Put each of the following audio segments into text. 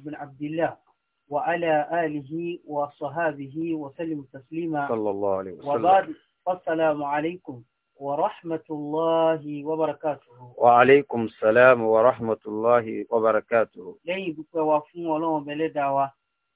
بن عبد الله وعلى آله وصحابه وسلم تسليما صلى الله عليه وسلم وبعد السلام عليكم ورحمة الله وبركاته وعليكم السلام ورحمة الله وبركاته لي بك وفون ولهم بلدعوة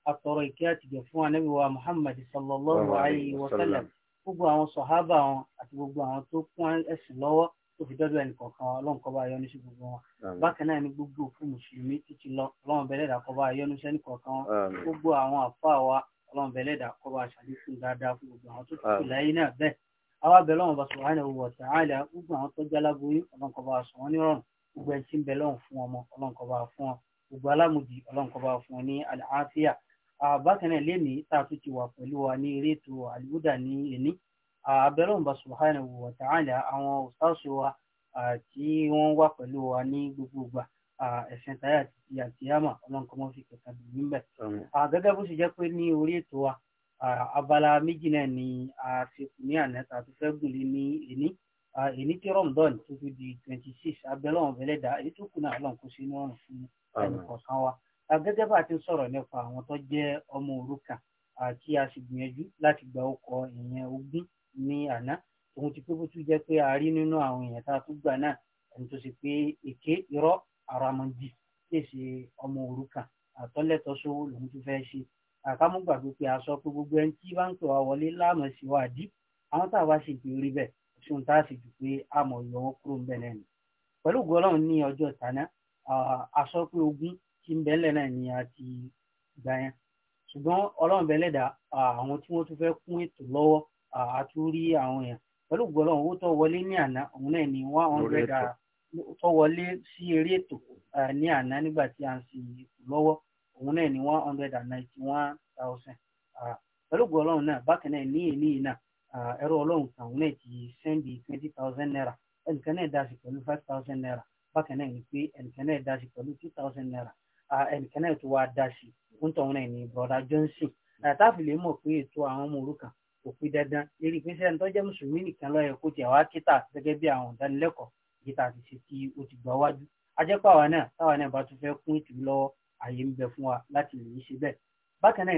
الطريقات جفوة نبي محمد صلى الله عليه وسلم gbogbo àwọn sọ̀hábà wọn àti gbogbo àwọn tó fi dọ́dọ̀ ẹnì kọ̀ọ̀kan ọlọ́run kó bá gbogbo wọn bákan náà ni gbogbo òkú mùsùlùmí títí lọ ọlọ́run bẹ́lẹ́dà kó bá yọ́nú sí ẹnì kọ̀ọ̀kan wọn gbogbo àwọn àfáà wa ọlọ́run bẹ́lẹ́dà kó bá ṣàlékún dáadáa fún gbogbo àwọn tó ti kù láyé náà bẹ́ẹ̀ àwa bẹ̀ lọ́wọ́n bá subhanahu wa ta'ala gbogbo àwọn tó jáláboyún ọlọ́run kó bá sọ wọn nírọ̀rùn gbogbo ẹni tí ń bẹ lọ́hùn fún ọlọ́run kó bá ní abẹ́lọ́mbà subhanahu wa ta'ala àwọn òṣàṣù wa tí wọ́n wà pẹ̀lú wa ní gbogbo ìgbà ẹ̀sìn táyà àti àtìyámà ọlọ́nkọ́mọ́ fi kẹta dùn níbẹ̀. gẹ́gẹ́ bó ṣe jẹ́ pé ní orí ètò wa abala méjì náà ni a ti kù ní àná tàbí fẹ́ gùn lé ní èní èní tí rọ̀mùdọ́n tó fi di twenty six abẹ́lọ́wọ̀n bẹ́lẹ́dà èyí tó kù náà lọ́nkọ́ sí inú ọ̀rùn fún ẹnì wa. gẹ́gẹ́ bá a ti sọ̀rọ̀ nípa àwọn tó jẹ́ ọmọ òrukàn tí a láti gba ọkọ̀ ìyẹn ogún ní àná òun ti pé bó tún jẹ́ pé a rí nínú àwọn èèyàn tá a tún gbà náà ẹni tó ṣe pé èké irọ́ àràmọ̀dì pèsè ọmọ òrukàn àtọ́lẹ̀tọ́sọ lòun tún fẹ́ ṣe àkámúgbàgbé pé a sọ pé gbogbo ẹni tí bá ń pè wá wọlé láàmú síwádìí àwọn tá a wá sì ti rí ṣùgbọ́n tá a sì jù pé a mọ̀ yọ wọn kúrò ńbẹ̀ náà ni pẹ̀lú gọ́lọ́run ní ọjọ́ tàná a sọ pé ogún tí ń bẹ́lẹ̀ náà ni a ti gbà yẹn ṣùgbọ́n ọlọ́run bẹ́lẹ̀dà àwọn tí wọ́n tún fẹ́ kún ètò lọ́wọ́ àtúrí àwọn èèyàn pẹ̀lú gbọ́dọ̀ owó tó wọlé ní àná òun náà ní one hundred tó wọlé sí eré ètò ní àná nígbà tí a ń sin ètò lọ́wọ́ òun náà ní one hundred and ninety one thousand pẹ̀lú gbọ́dọ̀ ọlọ́run náà bákan náà ní èlé yìí náà ẹ̀rọ ọlọ́run kan òun náà ti sẹ́ndì twenty thousand naira ẹnìkan náà dá sí pẹ̀lú five thousand naira bákan náà ní pé ẹnìkan náà dá sí pẹ̀lú two thousand naira ẹnìkan náà tó wá dá sí ń tọ̀hún náà ní broda Johnson táàfì lè mọ̀ pé ètò àwọn ọmọ òrukàn kò fi dandan lérí pé sẹ́ni tó jẹ́ mùsùlùmí nìkan ló yẹ kó tiẹ̀ wá kíta gẹ́gẹ́ bí àwọn ìdánilẹ́kọ̀ọ́ kíta ti ṣe tí o ti gbà wájú ajẹ́pọ̀ àwa náà táwa náà bá tún fẹ́ kún ìtùú lọ́wọ́ àyè ń bẹ fún wa láti lè ṣe kan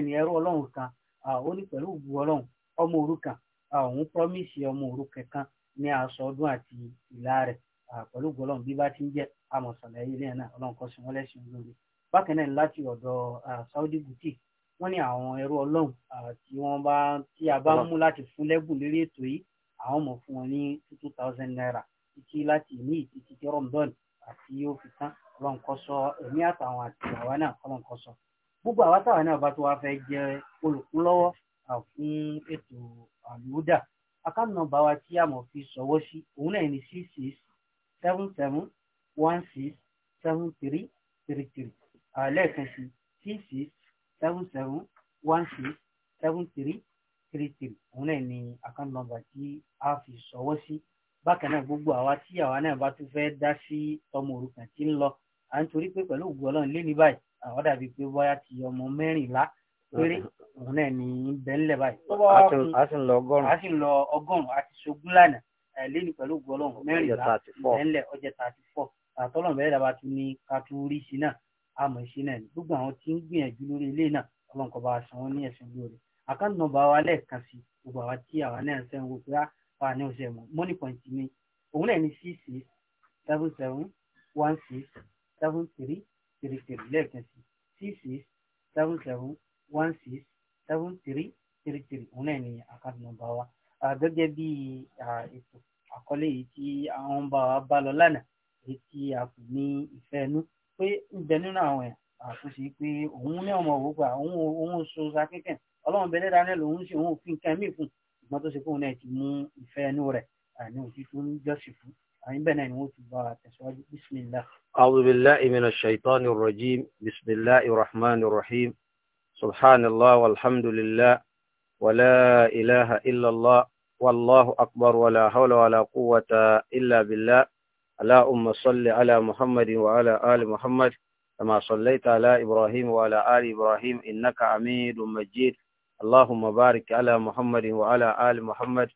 ó ní pẹ̀lú ọlọ́run ọmọ òun promise ọmọ ní aṣọ ọdún àti ìlà rẹ̀ pẹ̀lú ọlọ́run bí bá ti ń jẹ́ ilé náà ọlọ́run sí Saudi boutique wọ́n ní àwọn ẹrú ọlọ́run tí wọ́n bá tí a bá mú láti fún lẹ́bùn lórí ètò yìí àwọn mọ̀ fún wọn ní two thousand naira títí láti ní ìtítí tí rọ̀mdọ́n àti yóò fi tán ọlọ́run kó ṣọ́ ẹ̀mí àtàwọn àti àwa náà ọlọ́run kó ṣọ́ gbogbo àwa táwa náà bá tó wá fẹ́ jẹ́ olùkúnlọ́wọ́ fún ètò àlùdà account number wa tí a fi ṣọwọ́ sí òun náà ní six six seven seven one six seven three three three lẹ́ẹ̀kan sí six six seven seven one six seven three three three òun náà ni account number tí a fi ṣọwọ́ sí bákan náà gbogbo àwa tí àwa náà bá tún fẹ́ dá sí ọmọ òrukàn tí ń lọ à ń torí pé pẹ̀lú ògùn ọlọ́run lé ní báyìí àwọn dàbí pé bóyá ti ọmọ mẹ́rìnlá péré òun náà ní bẹ́ńlẹ̀ báyìí. a sì ń lọ ọgọ́rùn-ún. a sì ń lọ ọgọ́rùn-ún àti ṣogún lánàá lẹ́nu pẹ̀lú ògùn ọlọ́run mẹ́rìnlá bẹ́ńlẹ̀ ọjọ́ thirty four àtọ́lọ́mọbẹ̀rẹ̀ dàbà tún ní sí náà àmọ̀ ìṣe náà ni gbogbo àwọn tí ń gbìyànjú lórí ilé náà ọlọ́run kó bá wa san ní ẹ̀sìn lórí àkáǹtì nọ́mbà wa lẹ́ẹ̀kan sí gbogbo àwa tí àwa náà ń ń wo pé àwa ah, ní ọ̀sẹ̀ mọ́ money point mi òun náà ní six six seven seven one six seven three three three lẹ́ẹ̀kan sí six six seven seven one six seven three three three òun náà ní àkáǹtì nọ́mbà wa gẹ́gẹ́ bí ètò àkọlé yìí tí àwọn bá wa bá lọ lánàá èyí tí a kò ní ìfẹ́ inú pé ń nínú àwọn ẹ̀ àtúnṣe pé òun ní ọmọ òwò gbà òun òun so sakíkẹ̀ ọlọ́run bẹ́lẹ́ dáná lòun ṣe òun òfin kan fún ìgbọ́n tó ṣe fóun náà ti mú ìfẹ́ ẹnu rẹ̀ àní òtí tó ń jọ́sìn fún àyín bẹ́ẹ̀ náà ni wọ́n ti bá a tẹ̀síwájú bísímìlá. أعوذ بالله من الشيطان الرجيم بسم الله الرحمن الرحيم سبحان الله والحمد لله ولا إله إلا الله والله أكبر ولا حول ولا قوة إلا بالله اللهم صل على محمد وعلى آل محمد كما صليت على إبراهيم وعلى آل إبراهيم إنك عميد مجيد اللهم بارك على محمد وعلى آل محمد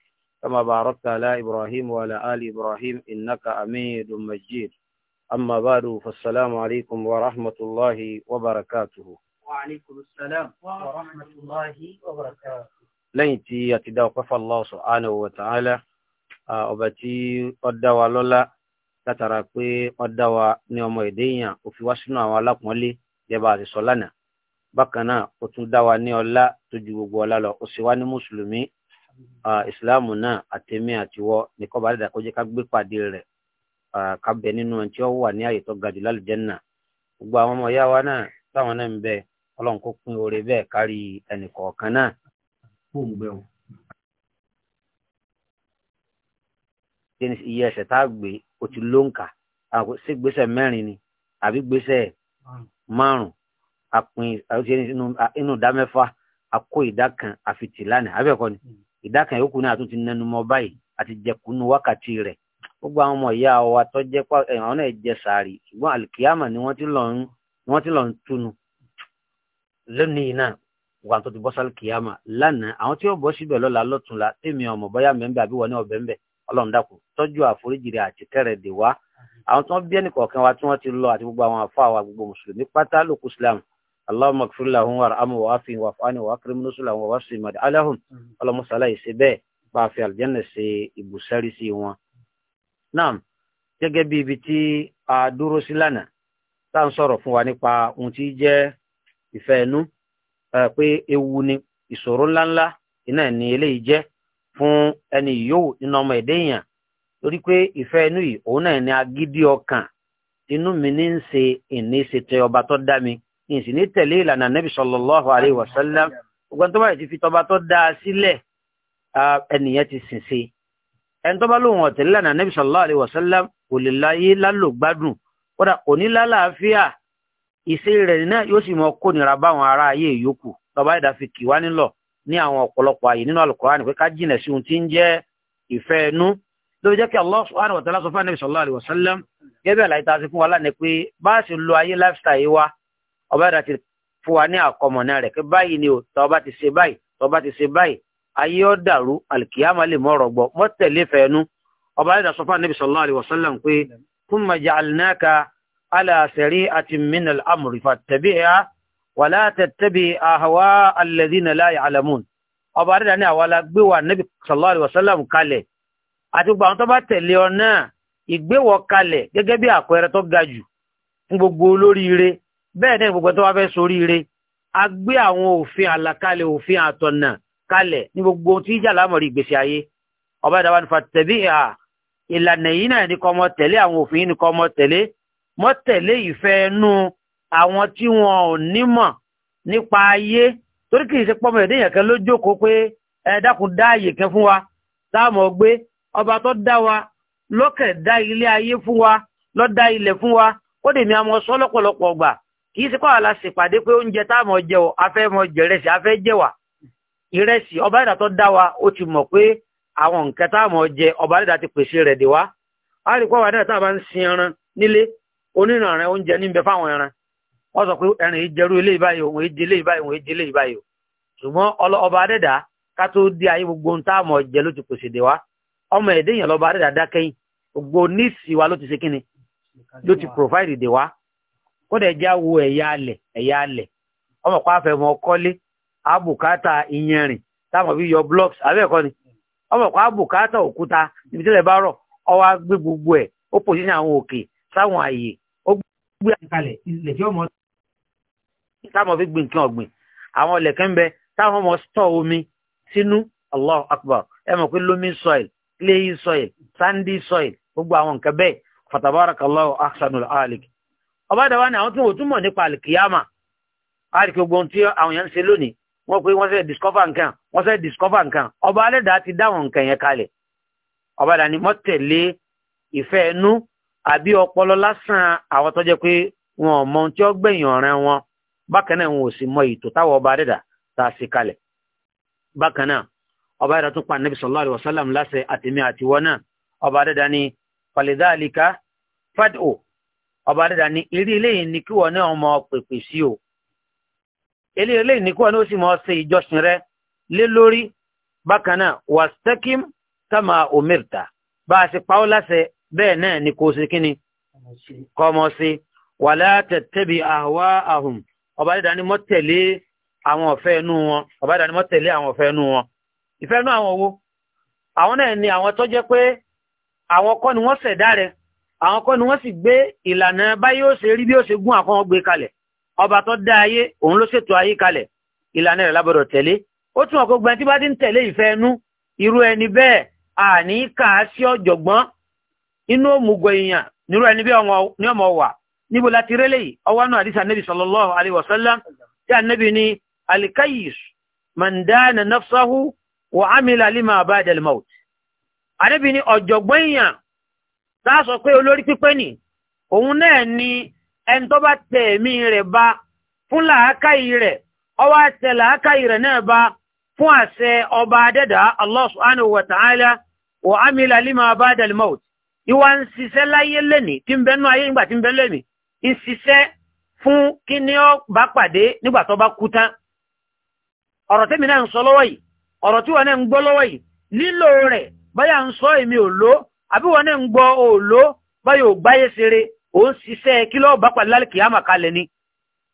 كما باركت على إبراهيم وعلى آل إبراهيم إنك عميد مجيد أما بعد فالسلام عليكم ورحمة الله وبركاته وعليكم السلام ورحمة الله وبركاته لن tí a ti dá ọpẹ́ fún Allah subhanahu látara pé ọ̀dá wa ní ọmọ èdè èèyàn ó fi wá sínú àwọn alápọ̀nlé yẹba àti sọ́lánà bákan náà ó tún dá wa ní ọlá tó ju gbogbo ọlá lọ ó sì wá ní mùsùlùmí ah, ìsìláàmù náà àtẹ̀mí àtiwọ́ ní kọ́ba dídà kó jẹ́ ká gbé pàdé rẹ̀ ah, ká bẹ nínú ẹni tí ó wà ní àyè tó ga gbogbo àwọn ọmọ ìyá náà táwọn náà ń bẹ ọlọ́run kó pín oore bẹ́ẹ̀ kárí ẹnì kọ̀ọ̀kan náà. kí ni iye ẹsẹ̀ tá a gbé ó ti ló ń kà sí gbèsè mẹ́rin ni àbí gbèsè márùn apin inú ìdá mẹ́fà akó ìdá kan àfitì lánàá abẹ́ẹ̀kọ́ ni hmm. ìdá kan yòókù náà tún ti nẹnu mọ́ báyìí àti jẹkùnú wákàtí rẹ̀ gbogbo àwọn ọmọ ìyá wa tó jẹ́ pa ẹ̀hàn náà jẹ sàárì ṣùgbọ́n alikiyama ni wọ́n ti lọ ń wọ́n ti lọ ń túnu lónìí náà wà tó ti bọ́ sí alikiyama lánàá àwọn tí ó bọ́ síbẹ̀ lọ́la lọ́túnla tèmi ọmọ bọ́yá mẹ́ńbẹ́ àbí wọ́n ní ọ̀bẹ̀ ńbẹ̀ ọlọ́run dákun tọ́jú àforíjì rẹ̀ àti kẹ́rẹ̀ dè wá àwọn tí wọ́n bí ẹnìkọ̀ọ̀kan wa tí wọ́n ti lọ àti gbogbo àwọn àfa wa gbogbo mùsùlùmí pátá lókù islam allahumma ighfir lahum warhamhum wa'afihim wa'fani wa'akrim nusulahum wa wasi mad'alahum allahumma salayi ṣe bẹ́ẹ̀ bá a fi àlùjánnà ṣe ibùsẹ́rí sí wọn. naam gẹ́gẹ́ bí ibi tí a dúró sí lánàá tá à ń sọ̀rọ̀ fún wa nípa ohun tí jẹ́ ìfẹ́ ẹnu pé ewu ni ìṣòro ńláńlá iná ní eléyìí jẹ́ fún ẹni yòówù nínú ọmọ ẹ̀dẹ́ èèyàn torí pé ìfẹ́ inú yìí òun náà ní agídí ọkàn inú mi ní ń ṣe ìní ṣe tẹ ọba tó dá mi ìsì ní tẹ̀lé ìlànà nẹ́bí sallallahu alaihi wasallam ọgbọ́n tó báyìí ti fi tọba tó dáa sílẹ̀ ẹnìyẹn ti sìn sí ẹni tó bá lóun ọ̀tẹ̀lé ìlànà nẹ́bí sallallahu alaihi wasallam kò lè láyé lálògbádùn kódà kò ní lálàáfíà ìṣe rẹ̀ náà yóò sì mọ kónira báwọn ará ayé yòókù tọba ìdá fi nílọ̀ ní àwọn ọ̀pọ̀lọpọ̀ ààyè nínú Al-Qur'an pé ká jìnà sí ohun tí ń jẹ́ ìfẹ́ ẹnu ló fi jẹ́ kí Allah subhanahu wa ta'ala sọ fún Ànábì sallallahu alaihi wasallam gẹ́gẹ́ àlàyé tá a ti fún wa lánàá pé bá a sì lo ayé lifestyle wa ọba ìdá ti fún wa ní àkọmọ̀nà rẹ̀ pé báyìí ni o tọ́ ti ṣe báyìí tọ́ ti ṣe báyìí ayé ọ̀ dàrú alìkìyàmà lè mọ̀rọ̀ gbọ́ wàlá tẹ̀tẹ́bi àhàwá alladhina la ya'lamun ọba adẹ́dà ní àwa la gbé wa nabi sallallahu alaihi wasallam kalẹ̀ àti gbogbo àwọn tó bá tẹ̀lé ọ náà ìgbéwọ̀ kalẹ̀ gẹ́gẹ́ bí àpẹẹrẹ tó ga jù fún gbogbo olóríire bẹ́ẹ̀ náà gbogbo tó wá fẹ́ soríire a gbé àwọn òfin àlàkalẹ̀ òfin àtọ̀nà kalẹ̀ ní gbogbo tí ìjà lámọ̀rí ìgbésí ayé ọba ìdáwà nípa tẹ̀bí à ìlànà yìí náà ní kọ́ mọ́ tẹ̀lé àwọn òfin yìí ní kọ́ mọ́ tẹ̀lé mọ́ tẹ̀lé ìfẹ́ nú àwọn tí wọn ò nímọ̀ nípa ayé torí kìí ṣe pọ́mọ ẹ̀dẹ́yàn kan ló jókòó pé ẹ dákun dá àyè kan fún wa táàmù ọgbé ọba tó dá wa lọ́kẹ̀ dá ilé ayé fún wa ló dá ilẹ̀ fún wa ó dè ní àmọ́ sọ lọ́pọ̀lọpọ̀ ọgbà kìí ṣe pàwọ́ la ṣèpàdé pé oúnjẹ táàmù ọjẹ o afẹ́ mọ jẹrẹsì afẹ́ jẹwà ìrẹsì ọba ìdá tó dá wa ó ti mọ̀ pé àwọn nǹkan táàmù ọjẹ ọba ìdá ti pèsè rẹ̀ dé wa á rí pọ́wọ́ adé wọ́n sọ pé ẹ̀rìn ìjẹrú ilé ìbáyìí òun èjì ilé ìbáyìí òun èjì ilé ìbáyìí ṣùgbọ́n ọba adẹ́dà ká tó dé ayé gbogbo ohun tá a mọ̀ jẹ ló ti pèsè dé wa ọmọ ẹ̀dẹ́ yẹn lọ́ba adẹ́dà dákẹ́yìn gbogbo níìsì wa ló ti ṣe kíni ló ti provide dé wa kódà ẹja wo ẹ̀yà alẹ̀ ẹ̀yà alẹ̀ ọmọ pa afẹ́ mọ kọ́lé abùkátà iyanrìn táwọn bí yọ blocks abẹ́ẹ̀kọ́ ni ọmọ pa abùkátà òkúta ibi tẹ́lẹ̀ bá rọ̀ ọwọ́ gbé gbogbo ẹ̀ ó táwọn fi gbin nǹkan ọ̀gbìn àwọn ọ̀lẹ̀kẹ́ ń bẹ táwọn ọmọ stọ̀ omi sínú Allahu Akbar ẹ mọ̀ pé loamy soil clay soil sandy soil gbogbo àwọn nǹkan bẹ́ẹ̀ fatabarakallahu ahsanul alik ọba ni àwọn tí wọn ò túmọ̀ nípa alikiyama aliki gbogbo ohun tí àwọn yẹn ń ṣe lónìí wọn pé wọn fẹ́ discover nǹkan wọn fẹ́ discover nǹkan ọba alẹ́dàá ti dáwọn nǹkan yẹn kalẹ̀ ọba dàní mọ́ tẹ̀lé ìfẹ́ ẹnu àbí ọpọlọ lásán àwọn tó pé wọn ò mọ ohun tí ó gbẹ̀yìn ọ̀rẹ́ wọn bákan náà wọn ò sì mọ ètò táwọn ọba adẹ́dà tá a sì kalẹ̀ bákan náà ọba adẹ́dà tún pa nabi sallallahu alayhi wa sallam láṣẹ àtẹ̀mí àtiwọ́ náà ọba adẹ́dà ní falidhalika fad'u ọba adẹ́dà ní eré eléyìí ni kí wọn náà mọ pèpè sí o eré eléyìí ni kí wọn náà sì mọ ṣe ìjọsìn rẹ lé lórí bákan náà wastaqim kama umirta bá a sì pa ọ́ bẹ́ẹ̀ náà ni kò sí kíni kọ́mọ sí wàlá tattabi ahwaahum ọba dídá ni mọ́ tẹ̀lé àwọn ọ̀fẹ́ inú wọn ọba dídá ni mọ́ tẹ̀lé àwọn ọ̀fẹ́ inú wọn ìfẹ́ inú àwọn owó àwọn náà ni àwọn tó jẹ́ pé àwọn kọ́ ni wọ́n ṣẹ̀dá rẹ̀ àwọn kọ́ ni wọ́n sì gbé ìlànà báyìí ó ṣe rí bí ó ṣe gún àkọ́ wọn gbé kalẹ̀ ọba tó dá ayé òun ló ṣètò ayé kalẹ̀ ìlànà rẹ̀ lábọ̀dọ̀ tẹ̀lé ó túnmọ̀ kó gbẹ́ntí bá ti ń tẹ̀lé ìfẹ́ inú irú ẹni bẹ́ẹ̀ àní kàá sí ọ̀jọ̀gbọ́n inú òmùgọ̀ èèyàn nírú ẹni bẹ́ẹ̀ ni ọmọ wà níbo láti rélé yìí ọwọ́ náà àdísà nẹ́bì sallallahu alaihi wasallam tí a nẹ́bì ní alikayis mandana nafsahu wa amila lima ba'dal maut àdẹ́bì ní ọ̀jọ̀gbọ́n èèyàn tá sọ pé olórí pípẹ́ nì òun náà ni ẹni tó bá tẹ ẹ̀mí rẹ̀ bá fún làákàyè rẹ̀ ọwọ́ àtẹ làákàyè rẹ̀ náà bá fún àṣẹ ọba adẹ́dà Allah subhanahu láyé lẹ́nìí tí ń bẹ́nu ayé ìgbà tí ń bẹ́ lẹ́mìí ìṣiṣẹ́ fún kí ní ọ bá pàdé nígbà tó bá kú tán ọ̀rọ̀ mi náà ń sọ lọ́wọ́ yìí ọ̀rọ̀ tí wọ́n náà ń gbọ́ lọ́wọ́ yìí lílò rẹ̀ báyà ń sọ èmi ò ló àbí wọ́n náà ń gbọ́ ò ló báyà ò gbáyé ṣeré ò ń ṣiṣẹ́ kí lọ́ọ̀ bá pàdé lálẹ́ kìí ni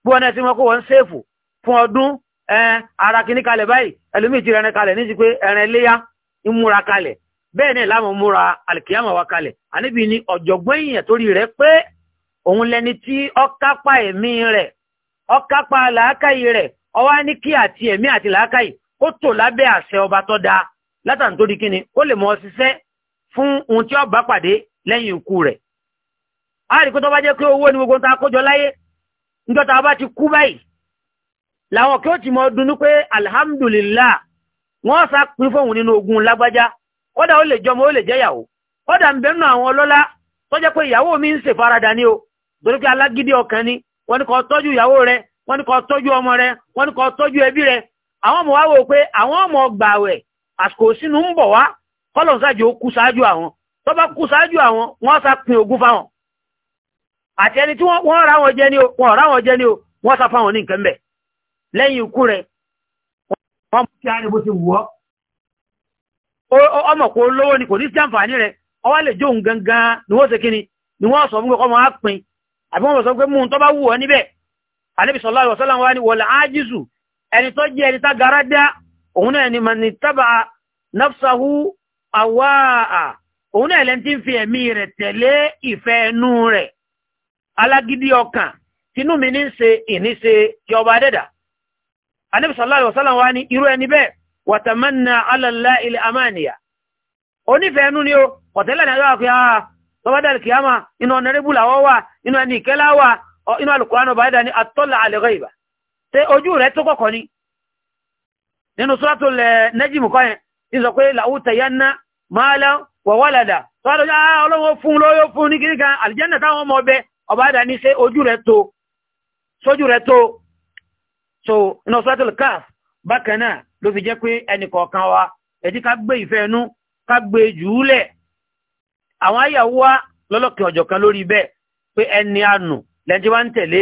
bí wọ́n náà ti mọ́ fún ọdún ara kìíní kalẹ̀ báyìí ẹlòmíì ti kalẹ̀ pé ń múra kalẹ̀ bẹ́ẹ̀ náà láwọn múra àlìkìyàmà kalẹ̀ àníbi ni ọ̀jọ̀gbọ́n èèyàn torí rẹ̀ pé òun lẹni tí ọkápá ẹ̀mí rẹ̀ ọkápá làákàyè rẹ̀ ọwá ní kí àti ẹ̀mí àti làákàyè ó tò lábẹ́ àṣẹ ọba tó dáa látàn tó di kíni ó lè mọ ṣiṣẹ́ fún ohun tí ọ bá pàdé lẹ́yìn ikú rẹ̀ a rí kó bá jẹ́ pé owó ni gbogbo ta kójọ láyé ti kú báyìí làwọn kí ó ti mọ dunú pé sá fóun nínú ogun lágbájá kódà ó lè jọmọ ó lè kódà ń mi ń ṣèfaradà o torí pé alágídí ọkàn ni wọ́n ní kó tọ́jú ìyàwó rẹ wọ́n ní kó tọ́jú ọmọ rẹ wọ́n ní kó tọ́jú ẹbí rẹ àwọn ọmọ wa wò pé àwọn ọmọ gbàwẹ̀ àsìkò sínú ń bọ̀ wá kọ́lọ̀n sáàjì ó kú sáájú àwọn tó bá kú sáájú àwọn wọ́n sá pin ogun fáwọn àti ẹni tí wọ́n ra wọn jẹ ní o wọ́n ra wọn jẹ ní o wọ́n sá fáwọn ní nǹkan bẹ̀ lẹ́yìn ikú rẹ̀ wọ́n mú kí á ti wù ọ́ ọmọ kò lówó ni kò ní sí àǹfààní rẹ̀ ọwá lè jóun gangan ni wọ́n ṣe kíni ni wọ́n sọ fún pé kọ́mọ á pin àbíwọ̀n sọ pé mú un tó bá wù ọ níbẹ̀ Ànábì sallallahu alaihi wasallam wá ní wọ̀lá ájísù ẹni tó jẹ́ ẹni tá gara dá òun náà ni mani tábà nafsahu awáà òun náà lẹ́ni tí ń fi ẹ̀mí rẹ̀ tẹ̀lé mi ní ṣe ìníṣe kí ọba dẹ́dà Ànábì sallallahu alaihi wasallam wá ní irú ẹni bẹ́ẹ̀ wàtàmánà alàlá ilẹ̀ amáníyà onífẹ́ ẹnu ni ó ọ̀tẹ́lẹ̀ náà yóò tọ́bádàlì kìyàmà inú ọ̀nàrẹ́bù làwọ́ wà inú ẹni ìkẹ́lá wà inú alùkùránù bá dà ní àtọ́là àlẹ́gọ́ ìbà tẹ ojú rẹ̀ tó kọ̀kọ́ ni nínú sọ́tò lẹ̀ nẹ́jìmù kọ́ yẹn tí sọ pé làwùtẹ̀ yẹn ná máa lẹ́ wọ̀wọ́lẹ̀dà tọ́lọ́jọ́ ọlọ́wọ́ fún lóyó so inú sọ́tò lẹ̀ káf bákan náà ló fi jẹ́ pé ẹnì kọ̀ọ̀kan wa ká gbé ìfẹ́ inú ká gbé jùúlẹ̀ àwọn àyàwó wa lọ́lọ́kẹ́ ọ̀jọ̀ kan lórí bẹ́ẹ̀ pé ẹni àánú lẹ́jọ́ bá ń tẹ̀lé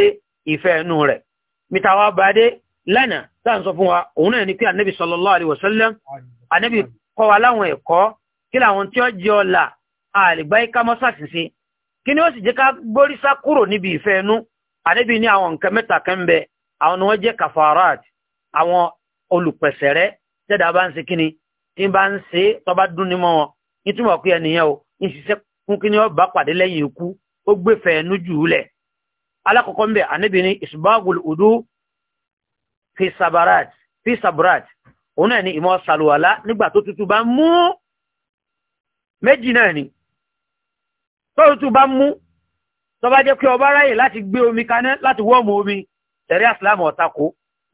ìfẹ́ ẹnu rẹ̀ mìtà wa bá dé tá à ń sọ fún wa òun náà ni pé ànábì sallallahu alaihi wasallam ànábì kọ́ wa láwọn ẹ̀kọ́ kí làwọn tí ó jẹ ọ̀la àlìgbá ika mọ́sàsì sí kí ni ó sì jẹ́ ká gbórísá kúrò níbi ìfẹ́ ẹnu ànábì ní àwọn nǹkan mẹ́ta kan bẹ àwọn ni wọ́n jẹ́ kafarat àwọn olùpẹ̀sẹ̀rẹ́ tẹ́dà bá ń ṣe kíni tí bá ń ṣe tọ́ bá dún ní mọ́ wọn nítorí wọn pé ẹnìyẹn o ìṣiṣẹ́ kún ni ọba pàdé lẹ́yìn ikú ó gbéfẹ́ ẹnu jù ú lẹ̀ alákọ̀ọ́kọ́ ń bẹ̀ ànábì ní ìṣùbáàgùl òdú fi sabarat fi sabarat òun náà ni ìmọ̀ sàlùwàlá nígbà tó tutù bá mú méjì náà ni tó tutù bá mú tó bá jẹ́ pé ọba ráyè láti gbé omi kaná láti wọ́ọ̀mù omi tẹ̀rí àsìlámù ọ̀tako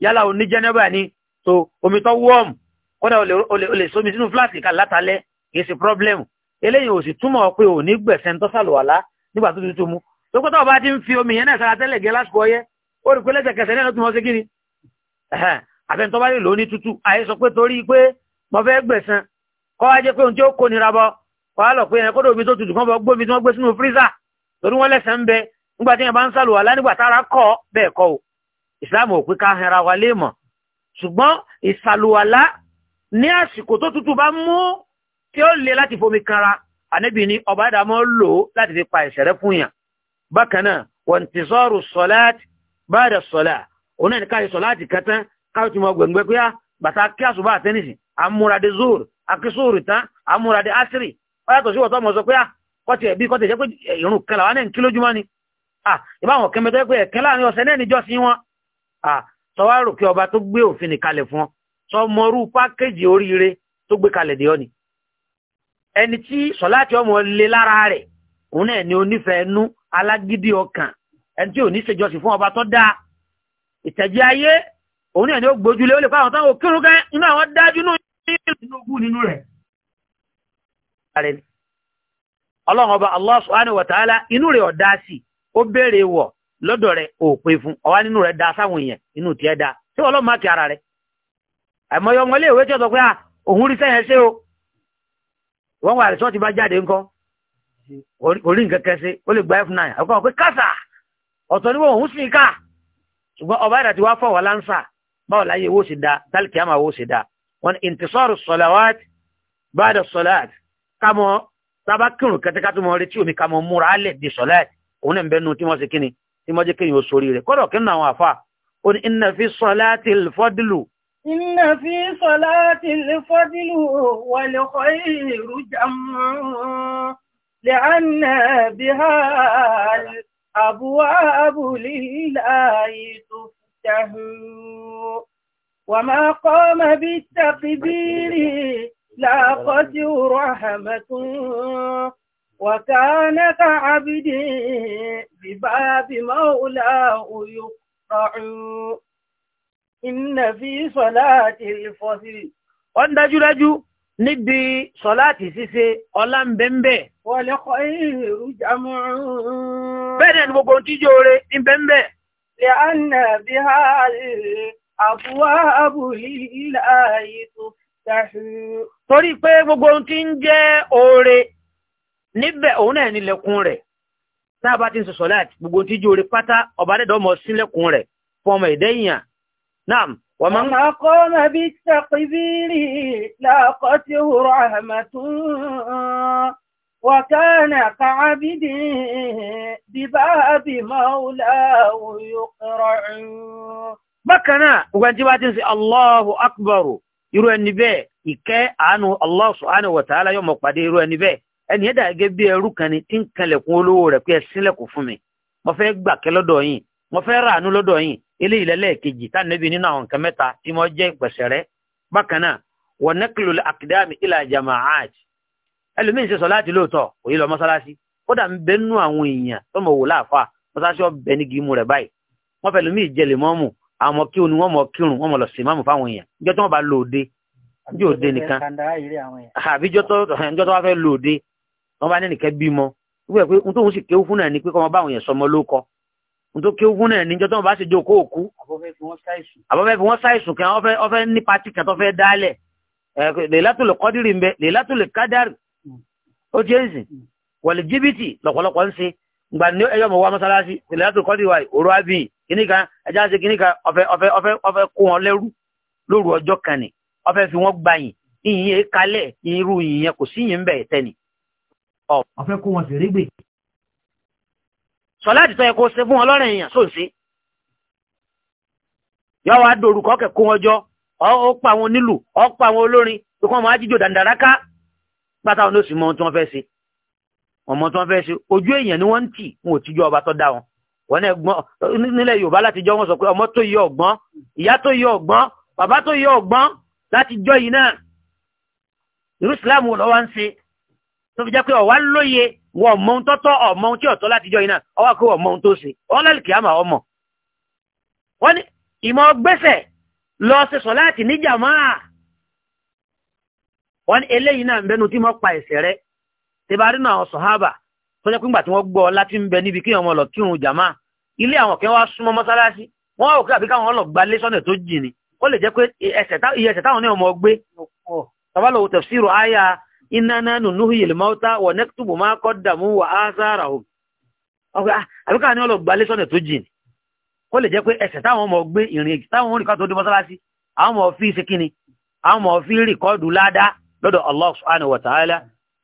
yálà òní jẹ́nẹ́bà ni so omi tó wọ́ọ̀mù kódà o lè sómi sínú fúláàsì kan látàlẹ́ kìí sí pírọ́blẹ́mù eléyìí ò sì túmọ̀ pé ò ní gbẹ̀sẹ̀ ń tọ́sàlùwàlá nígbà tó tuntun mu lókò tó bá ti ń fi omi yẹn náà sára tẹ́lẹ̀ gẹ lásìkò ọyẹ́ ó rí pé lẹ́sẹ̀kẹsẹ̀ náà ló tún sí kí ni àbẹ̀ntọ́ bá lè lò ní tútù àyè sọ pé torí pé mo fẹ́ gbẹ̀sán kọ́ wá jẹ́ pé ohun tí ó kó nira bọ́ kọ́ wá lọ pé ẹ̀kọ́ dòmi tó tutù kan bọ́ gbómi tí wọ́n gbé sínú fírísà torí wọ́n lẹ́sẹ̀ ń bẹ nígbà tí yẹn bá ń sàlùwà lánígbà tára kọ́ bẹ́ẹ̀ kọ́ o Islam ò pé ká tí ó lè láti fomi kanra ànábì ní ọba àdámọ́ lò láti fi pa ìṣẹ̀rẹ́ fún yàn bákan náà wọ́n ti sọ́ọ̀rù sọ́láàtì báyìí sọ́lá òun náà ní káyọ̀ sọ́láàtì kẹtàn káyọ̀ tí mo gbẹ̀ngbẹ́ pé ah, bàtà kí àṣùbà àtẹ́nìsì àmúradé zoor akísóòrì tán àmúradé asiri ọ̀yàtọ̀ sí wọ́tọ́ mọ̀ sọ pé ah, kọ́tì ẹ̀bí kọ́tì ẹ̀jẹ̀ pé ìrùn kẹlà wọn náà kí lójúmọ́ ni ah, ìbáwọn kẹmẹtọ́ pé ẹ̀kẹ́ láàrin ọ̀sẹ̀ náà níjọ́ sí wọn sọwárò kí ọba tó gbé òfin nìkalẹ̀ fún ọ sọmọrú pákéjì oríire tó gbé kalẹ̀ dé ni ẹni tí sọláàtì ọmọ lé lára rẹ̀ òun náà ni onífẹ̀ẹ́ alágídí ọkàn ẹni tí ò ní ṣèjọsìn fún ọba tó dáa ìtẹ̀jẹ́ ayé òun náà ni ó gbójúlé ó lè fáwọn táwọn òkírun kẹ́ inú àwọn dájú nínú rẹ̀ ọlọ́run ọba Allah subhanahu wa ta'ala inú rẹ̀ ọ̀dá sí ó béèrè wọ̀ lọ́dọ̀ rẹ̀ fún ọwá nínú rẹ̀ sáwọn èèyàn inú tiẹ̀ ara wọ́n wà rìsọ́ọ̀tì bá jáde ńkọ́ orí nǹkan kẹsí ó lè gba f9 ọkọ̀ pé kásà ọ̀tọ̀ níwọ̀ òun sì ká ṣùgbọ́n ọba ìdà ti wá fọ̀wọ́ lánsà báwo láyé owó sì da tálkì àmà owó sì da wọn ìntìsọ́rù sọ̀làwát báda sọ̀làt kámọ́ tábà kírun kẹtẹkátó mọ retí omi kámọ́ múra alẹ̀ di sọ̀làt òun náà ń bẹnu tí wọ́n ṣe kíni tí wọ́n jẹ́ kéèyàn ó sórí rẹ̀ kọ́dọ̀ kí nínú àwọn àfa ó ní inna fi sọ̀làtì إن في صلاة الفضل والخير جمع لأن بها الأبواب لله تفتح وما قام بالتقدير لا قد رحمة وكان كعبد بباب مولاه يقطع Inna fi sọ̀láàtì ìfọ́sí. Wọ́n dájúdájú níbi sọ̀láàtì ṣíṣe ọlá ń bẹ ń bẹ. Wọ́lẹ̀ kọ́ ìrù jámọ́. Bẹ́ẹ̀ ni gbogbo tíjọ rẹ̀ ń bẹ ń bẹ. Lè ánà bí ha àbúwá àbúlí ìlàyé tó dáhù. Torí pé gbogbo tí ń jẹ́ oore níbẹ̀ òun náà nílẹ̀kùn rẹ̀. Táà bá ti ń sọ sọ̀láàtì gbogbo tíjọ rẹ̀ pátá ọ̀bádẹ́dọ̀ mọ̀ sílẹ̀kùn rẹ̀ fọmọ ìdẹ́yìn نعم ومن أقام بالتقبير لاقته رحمة وكان كعبد بباب مولاه يقرع بكنا وجبات الله أكبر irú ẹni bẹ́ẹ̀ ìkẹ́ àánú Allah subhanahu wa ta'ala yóò mọ̀ pàdé irú ẹni bẹ́ẹ̀ ẹni ẹ̀dà gẹ́gẹ́ bí ẹrú kan ni tí ń kanlẹ̀kùn olówó rẹ̀ pé ẹ ṣílẹ̀kùn fún mi mo fẹ́ gbàkẹ́ lọ́dọ̀ yín mo fẹ́ ràánú lọ́dọ̀ yín eléyìí lẹ́lẹ́ẹ̀kejì tá nẹ́bí nínú àwọn nǹkan mẹ́ta tí mo jẹ́ pẹ̀sẹ̀rẹ́ bákan náà wọ́n nẹ́kìlò àkìdáàmì ilà jamaat ẹlòmíín ṣe sọ láti lóòótọ́ òye lọ mọ́sálásí kódà ń bẹ nú àwọn èèyàn tó mọ̀ wò láàfà mọ́sálásí ọbẹ̀ ní gímù rẹ̀ báyìí wọ́n fẹ́ lómi ìjẹlẹ̀ mọ́mù àwọn ọmọ kíhun ni wọ́n mọ̀ kírun wọ́n mọ̀ lọ sí máàmù fáwọn èèyàn níjọ́ tó wọ́n bá lò ó dé níjọ́ òde nìkan àbíjọ́ tó wọ́n fẹ́ lò ó dé wọ́n bá ní nìkan bímọ wíwẹ̀ pé ohun tóun sì kéwú fún náà ni pé kọ́ wọn bá àwọn èèyàn sọmọ lóko nítorí kí ogun náà níjọ́ tó wọn bá ṣe jókòó òkú àbọ̀fẹ́ fi wọ́n ṣàìsùn kí wọ́n fẹ́ ní pati kan tó fẹ́ dálẹ̀ lèlátò lè kọ́dírì ń bẹ lèlátò lè kádàrì ó jẹ́ ìsìn hmm. wọ̀lẹ̀ jìbìtì lọ́pọ̀lọpọ̀ ń ṣe ìgbà ní ẹyọ mọ̀ wá mọ́sálásí lèlátò kọ́dírì wa òru àbí kìnnìkan ẹja ṣe kìnnìkan ọ̀fẹ́ ọ̀fẹ́ ọ̀fẹ́ ọ̀fẹ́ kó wọn lẹ́rú lóru ọjọ́ kan ni ọ̀fẹ́ fi wọ́n gbà yìn ìyìn kalẹ̀ irú ìyìn kò sí yìn ń tẹ́ni. ọ̀fẹ́ kó wọn sì rí gbè sọláàtì tó yẹ kó ṣe fún wọn lọ́rẹ̀ èèyàn sóǹsé yọ wá dorúkọ kẹkọọ ọjọ́ ó pa àwọn onílù ó pa àwọn olórin pé kí wọn máa jíjò dàndàràká pátá wọn ló sì mọ ohun tí wọn fẹ́ ṣe wọn mọ ohun tí wọn fẹ́ ṣe ojú èèyàn ni wọn ń tì wọn ò tíjọ ọba tó dá wọn wọn náà gbọ́n nílẹ̀ Yorùbá láti jọ wọn sọ pé ọmọ tó yẹ ọgbọ́n ìyá tó yẹ ọgbọ́n bàbá tó yẹ ọgbọ́n láti jọ yìí náà irú wọ́n mọ ohun tọ́tọ́ ọmọ ohun tí ọ̀tọ́ látijọ́ iná ọwọ́ kó ọmọ ohun tó ṣe ọlọ́lùkì àmà ọmọ. wọ́n ní ìmọ̀ gbèsè lọ ṣe sọ láti níjà máa. wọ́n ní eléyìí náà ń bẹnu tí wọ́n pa ẹ̀sẹ̀ rẹ tẹ́bárí náà àwọn tó jẹ́ pé ńgbà tí wọ́n gbọ́ láti ń bẹ níbi kí wọ́n lọ kírun jàmá ilé àwọn kẹ́ wá súnmọ́ mọ́sálásí wọ́n ò kí tó iná náà nù núhì ìlmọ́ta wọ̀ nẹ́kùtùbù máa kọ́ dàmú wà á sára o. ọkọ̀ ah, àbíká ni ọlọ́gbà lẹ́sọ̀nà tó jìn kó lè jẹ́ pé ẹsẹ̀ táwọn ọmọ gbé ìrìn táwọn oníkà tó dé mọ́sálásí àwọn ọmọ fi ṣe kíni àwọn ọmọ fi rìkọ́ọ̀dù ládá lọ́dọ̀ Allah subhanahu wa ta'ala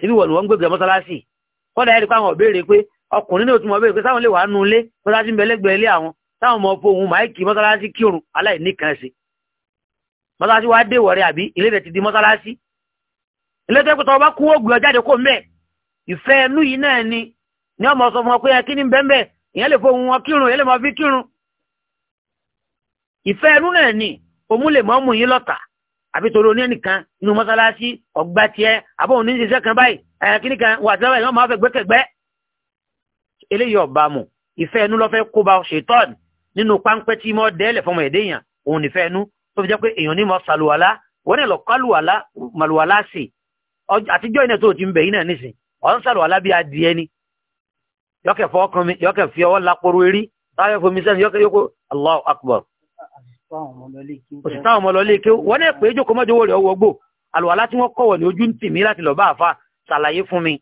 ibi wọ̀lú wọn gbégbé mọ́sálásí kọ́dà ẹ̀rí pàwọn ọ̀bẹ̀rẹ̀ pé ọkùnrin náà tún mọ̀ bẹ́ẹ̀ pé sáwọn lè wà nù ilé mọ́sálásí bẹ̀lẹ́gbẹ̀ẹ́ ilé àwọn táwọn ọmọ fohùn máìkì mọ́sálásí kírun aláìníkan sí mọ́sálásí wá dé wọ̀rẹ́ àbí ilé rẹ̀ ti di mọ́sálásí ẹlẹ́tọ́ pé tọ́wọ́ kú oògùn ọjáde kó mẹ́ ìfẹ́ ẹnu yìí náà ni ní ọmọ sọ fún ọ pé kí ni bẹ́ẹ̀ ìyẹn lè fohun wọn kírun ìyẹn lè máa fi kírun ìfẹ́ ẹnu náà ni òun lè máa mú yín lọ́tà àbí torí oní ẹnìkan inú mọ́sálásí ọgbà tiẹ̀ àbọ̀ òní ṣiṣẹ́ kan báyìí ẹ̀yàn kí nìkan wà síláwà ìyọ́n máa fẹ́ gbẹ́kẹ̀gbẹ́ eléyìí ọ̀bà àtijọ́ iná tó ti ń bẹ̀ yín náà nísìn ọ̀n sàlọ̀ alábí adìẹ ni yọkẹ̀ fọ́ ọkàn mi yọkẹ̀ fi ọwọ́ lápòrò erí táyọ̀ fomi sẹ́ni yọkẹ̀ yókò Allahu Akbar òsìtáwọn ọmọ lọlé ike wọ́n náà pé jókòó mọ́jọ́ wọlé ọwọ́ gbò àlùwàlá tí wọ́n kọ̀wọ̀ ní ojú ń tì mí láti lọ bá àfa ṣàlàyé fún mi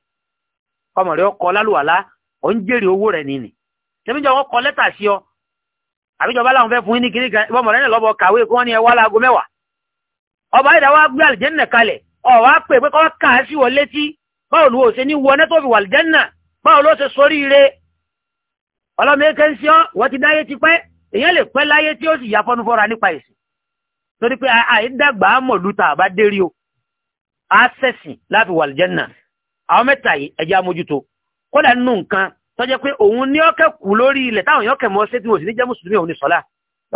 ọmọ rẹ ọkọ lálùwàlá ò ń jèrè owó rẹ nìyí tẹ́míjọ wọn kọ lẹ́tà sí ọ àbíjọba làwọn fẹ́ fún yín ní kiri kan ọmọ rẹ náà lọ́bọ̀ kàwé kí wọ́n ní ẹ wá láago mẹ́wàá ọba ìdáwà gbé àlìjẹ́ nìkan kalẹ̀ ọ̀wá pè pé kọ́ kà á sí wọ létí báwo ló ṣe ní wọná tó fi wà lìjẹ́nà báwo ló ṣe sórí ire ọlọ́mọ ẹ̀kẹ́ ń ṣe ọ́ wọ́n ti dáyé ti pẹ́ èèyàn lè pẹ́ láyé tí ó sì yà fọ́nú fọ́ra nípa ìsìn torí pé àìdàgbà mọ̀lúta àbá dérí o àṣẹ̀sìn láti wà lìjẹ́nà àwọn mẹ́ta yìí ẹ̀jẹ̀ amójútó kódà nínú nǹkan tó jẹ́ pé òun ní ọ̀kẹ́ kù lórí ilẹ̀ táwọn yọ̀kẹ́ mọ́ sétí wọn sì ní jẹ́ mùsùlùmí òun ní sọ́lá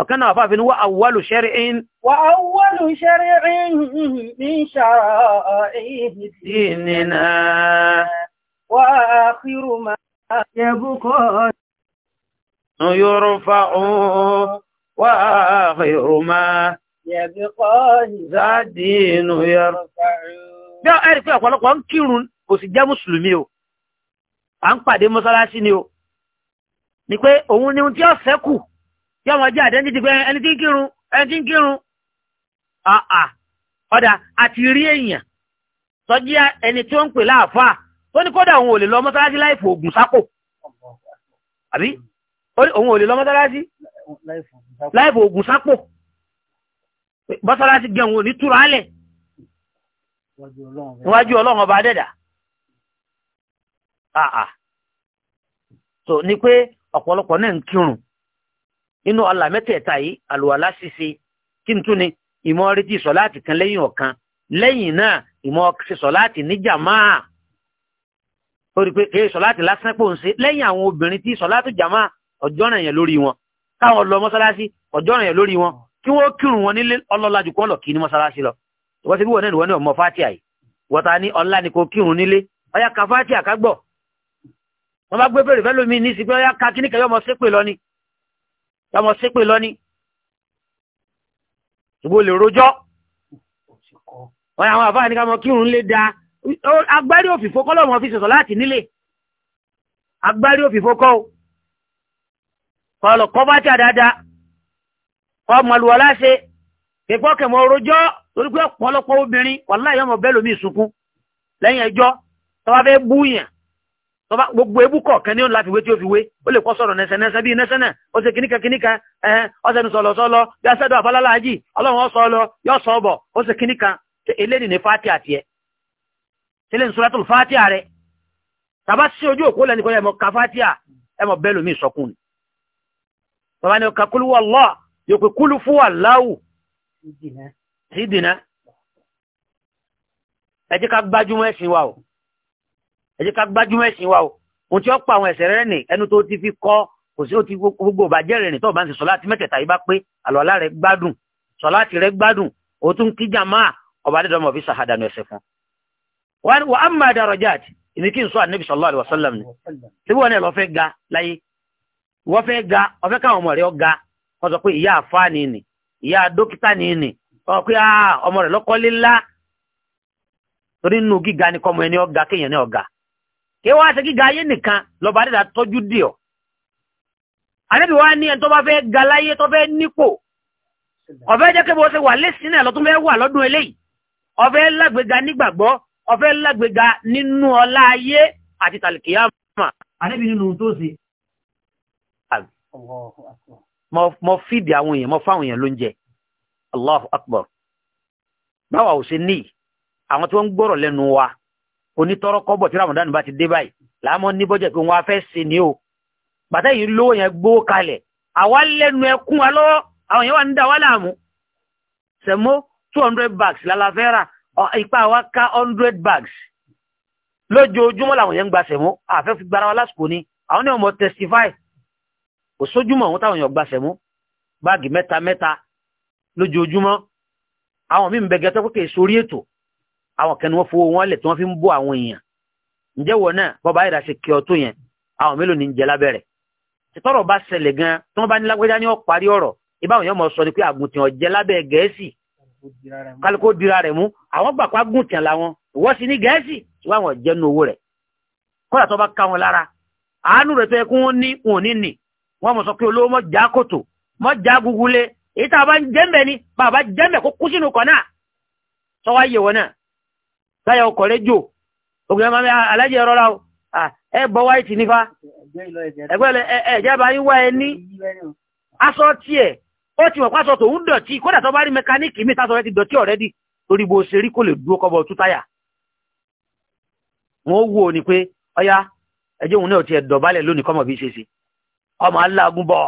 ọ̀kan náà fàfin wá àwọlù ṣẹ́rìn wà àwọlù ṣẹ́rìn ní ṣàrà ìdínà wà àkírù máa yẹbùkọ́ yórùfà òun wà àkírù máa yẹbùkọ́ ìzádìínú yọrù bí ọ ẹ̀rì pé ọ̀pọ̀lọpọ̀ ń kírun kò sì jẹ́ mùsùlùmí o à ń pàdé mọ́sálásí ni o ni pé òun ni ohun tí ó ṣẹ́kù yọmọ ọmọ jẹ́ àdẹ́ntì ti pé ẹni tí ń kírun ẹni tí ń kírun àà ọ̀dà àti rí èèyàn ẹni tí ó ń pè láàfáà tó ní kódà òun ò lọ mọ́sálásí láìfò ògùn sápò àbí òun ò lè lọ mọ́sálásí láìfò ògùn sápò mọ́sálásí gẹ̀ òun ò ní túra álẹ̀ níwájú ọlọ́run so ni pé ọ̀pọ̀lọpọ̀ náà ń nínú ọlà mẹ́tẹ̀ẹ̀ta yìí àlùwàlá ṣíṣe kí n tún ni ìmọ̀ retí sọ̀láàtì kan lẹ́yìn ọ̀kan lẹ́yìn náà ìmọ̀ ṣe sọ̀láàtì níjà máa ó rí pé kí sọ̀láàtì lásán pò ń ṣe lẹ́yìn àwọn obìnrin tí sọ̀láàtì jàmá ọjọ́ ràn yẹn lórí wọn káwọn lọ mọ́sálásí ọjọ́ ràn yẹn lórí wọn kí wọ́n kírun wọn nílé ọlọ́lá jù kọ́ lọ kí ní mọ́sálásí lọ wọ́n ti bí wọn náà wọn ní ọmọ fátíà yìí wọ́n ta ní ọlá ni kò kírun nílé ọyá ka fátíà ká gbọ́ wọ́n bá gbé bèrè fẹ́ lómi ní sí pé ọyá ka kíníkẹ́ yọmọ sépè lọ ni tọmọ sípè lọ ní ìbò lè rojọ́ ọ̀yà àwọn àfáà ní ká kírun lé da agbárí òfìfó kọ́ lọ́mọ fi sọ̀tọ̀ láti nílé agbárí òfìfó kọ́ kọlọ̀ kọ́ bá tà dáadáa kọ́ mọ̀lúwọ́ láṣẹ pípọ́ kẹmọ̀ rojọ́ torí pé ọ̀pọ̀lọpọ̀ obìnrin wàláyọ̀mọ̀ bẹ́ẹ̀ lómi ìsunkún lẹ́yìn ẹjọ́ tọ́wọ́ fẹ́ búyàn tọba gbogbo ebú kọ̀ọ̀kan ní òun láfiwé tí ó fi wé ó lè kọ́ sọ̀rọ̀ nẹ́sẹ̀nẹ́sẹ̀ bí nẹ́sẹ̀nẹ́ na o kìníkà kìníkà ẹ̀hẹ́n ọ̀sẹ̀ ní sọ̀lọ̀ sọ́lọ́ bí aṣẹ́dọ̀ àbálálàájì ọlọ́run ọ̀sọ̀ ọlọ yọ sọ ọbọ̀ ní fati fati tàbá sí ojú òkú ka fati ni ni fún láwù o. ẹ jẹ́ ká gbájúmọ́ ẹ̀sìn wa o òun tí ó pa àwọn ẹ̀ṣẹ̀ rẹ̀ ní ẹnu tó ti fi kọ́ kò sí ó ti gbogbo bàjẹ́ rẹ̀ ní tó bá ń ti sọ̀láàtì mẹ́tẹ̀ẹ̀ta yìí bá pé àlọ́lá rẹ̀ gbádùn sọ̀láàtì rẹ̀ gbádùn ó tún kí jàmáà ọba adédọ́mọ̀ fi sàhádànù ẹ̀ṣẹ̀ fún. wà á má darajat ìní kí n sọ ànábì sallallahu alaihi wasallam ni síbí wọn lọ fẹ́ ga láyé wọ́n fẹ́ ga ọ̀fẹ́ káwọn ọmọ rẹ̀ ga wọ́n sọ pé ìyá àfáà ni nì ìyá dókítà ni nì wọ́n pé ah, ọmọ rẹ̀ lọ́kọ́lé ńlá torí ni kọ́mọ ẹni ọ̀gá kí wá ṣe gíga ayé nìkan lọ́ba dídá tọ́jú dì ọ́ àdébí wá ní ẹni tó bá fẹ́ ga láyé tó fẹ́ nípò ọ̀fẹ́ jẹ́ kí bó ṣe wà lẹ́sìn náà lọ́tún fẹ́ wà lọ́dún eléyìí ọ̀fẹ́ lágbèga nígbàgbọ́ ọ̀fẹ́ lágbèga nínú ọlá ayé àti tàlìkìyàmà àdébí nínú tó ṣe. mo fìdí àwọn èèyàn mo fáwọn èèyàn lóúnjẹ Allahu Akbar báwa ò ṣe àwọn tí wọ́n ń gbọ́rọ̀ lẹ́nu wa onítọ́rọ́ kọ́bọ̀ tí ramadan bá ti dé báyìí láàmọ́ ní bọ́jẹ̀ pé wọ́n á fẹ́ ṣe ni o bàtà yìí lówó yẹn gbó kalẹ̀ àwa lẹ́nu ẹkún wa lọ́wọ́ àwọn yẹn wà ń dà láàmú sẹ̀mó two hundred bags lálàfẹ́ra ipa àwa ká hundred bags lójoojúmọ́ làwọn yẹn ń gba sẹ̀mó àfẹ́ fi gbára wa lásìkò ni àwọn náà mọ̀ testify kò sójúmọ́ àwọn táwọn yẹn gba sẹ̀mó báàgì mẹ́ta mẹ́ta lójoojúmọ́ àwọn míì àwọn kan ni wọ́n fowó wọn lẹ̀ tí wọ́n fi ń bọ́ àwọn èèyàn ǹjẹ́ wọ náà bọ́ba ayédà ṣe kí ọ tó yẹn àwọn mélòó ni ń jẹ lábẹ́rẹ̀ tọ́rọ̀ bá ṣẹlẹ̀ gan tí wọ́n bá ní lágbájá ní ọ̀parí ọ̀rọ̀ ìbáwọn yẹn mọ̀ sọ ni pé àgùntàn ọ̀jẹ́ lábẹ́ gẹ̀ẹ́sì kálukó dira rẹ̀ mú àwọn gbàgbọ́ àgùntàn làwọn wọ́n sì ní gẹ̀ẹ́sì ṣùgbọ́n àwọn ọ̀jẹ́ nu owó rẹ̀ kódà tó bá ká wọn lára àánú rẹ̀ tó yẹ kí wọ́n ní wọn ní ni bàbá jẹ́mbẹ̀ kó kú sínú kọ̀ táyà ọkọ̀ rẹ̀ jò ògùn ẹ̀mọ́ ah, alájẹ́ rọra o ah, ẹ bọ́ wáìtì nífa ẹgbẹ́lẹ̀ ẹ̀jẹ̀bá yín wá a aṣọ tiẹ̀ ó ti wọ̀pá aṣọ tòun dọ̀tí kódà tó bá rí mẹkáníìkì mi tásọ rẹ ti dọ̀tí ọ̀rẹ́dì torí bó ṣe rí kó lè dúró kọ́bọ̀ tú táyà wọn ó wò ó ni pé ọyá ẹjẹ́ òun náà ti lónìí kọ́mọ̀ bí ṣe ṣe ọmọ aláàgùn bọ̀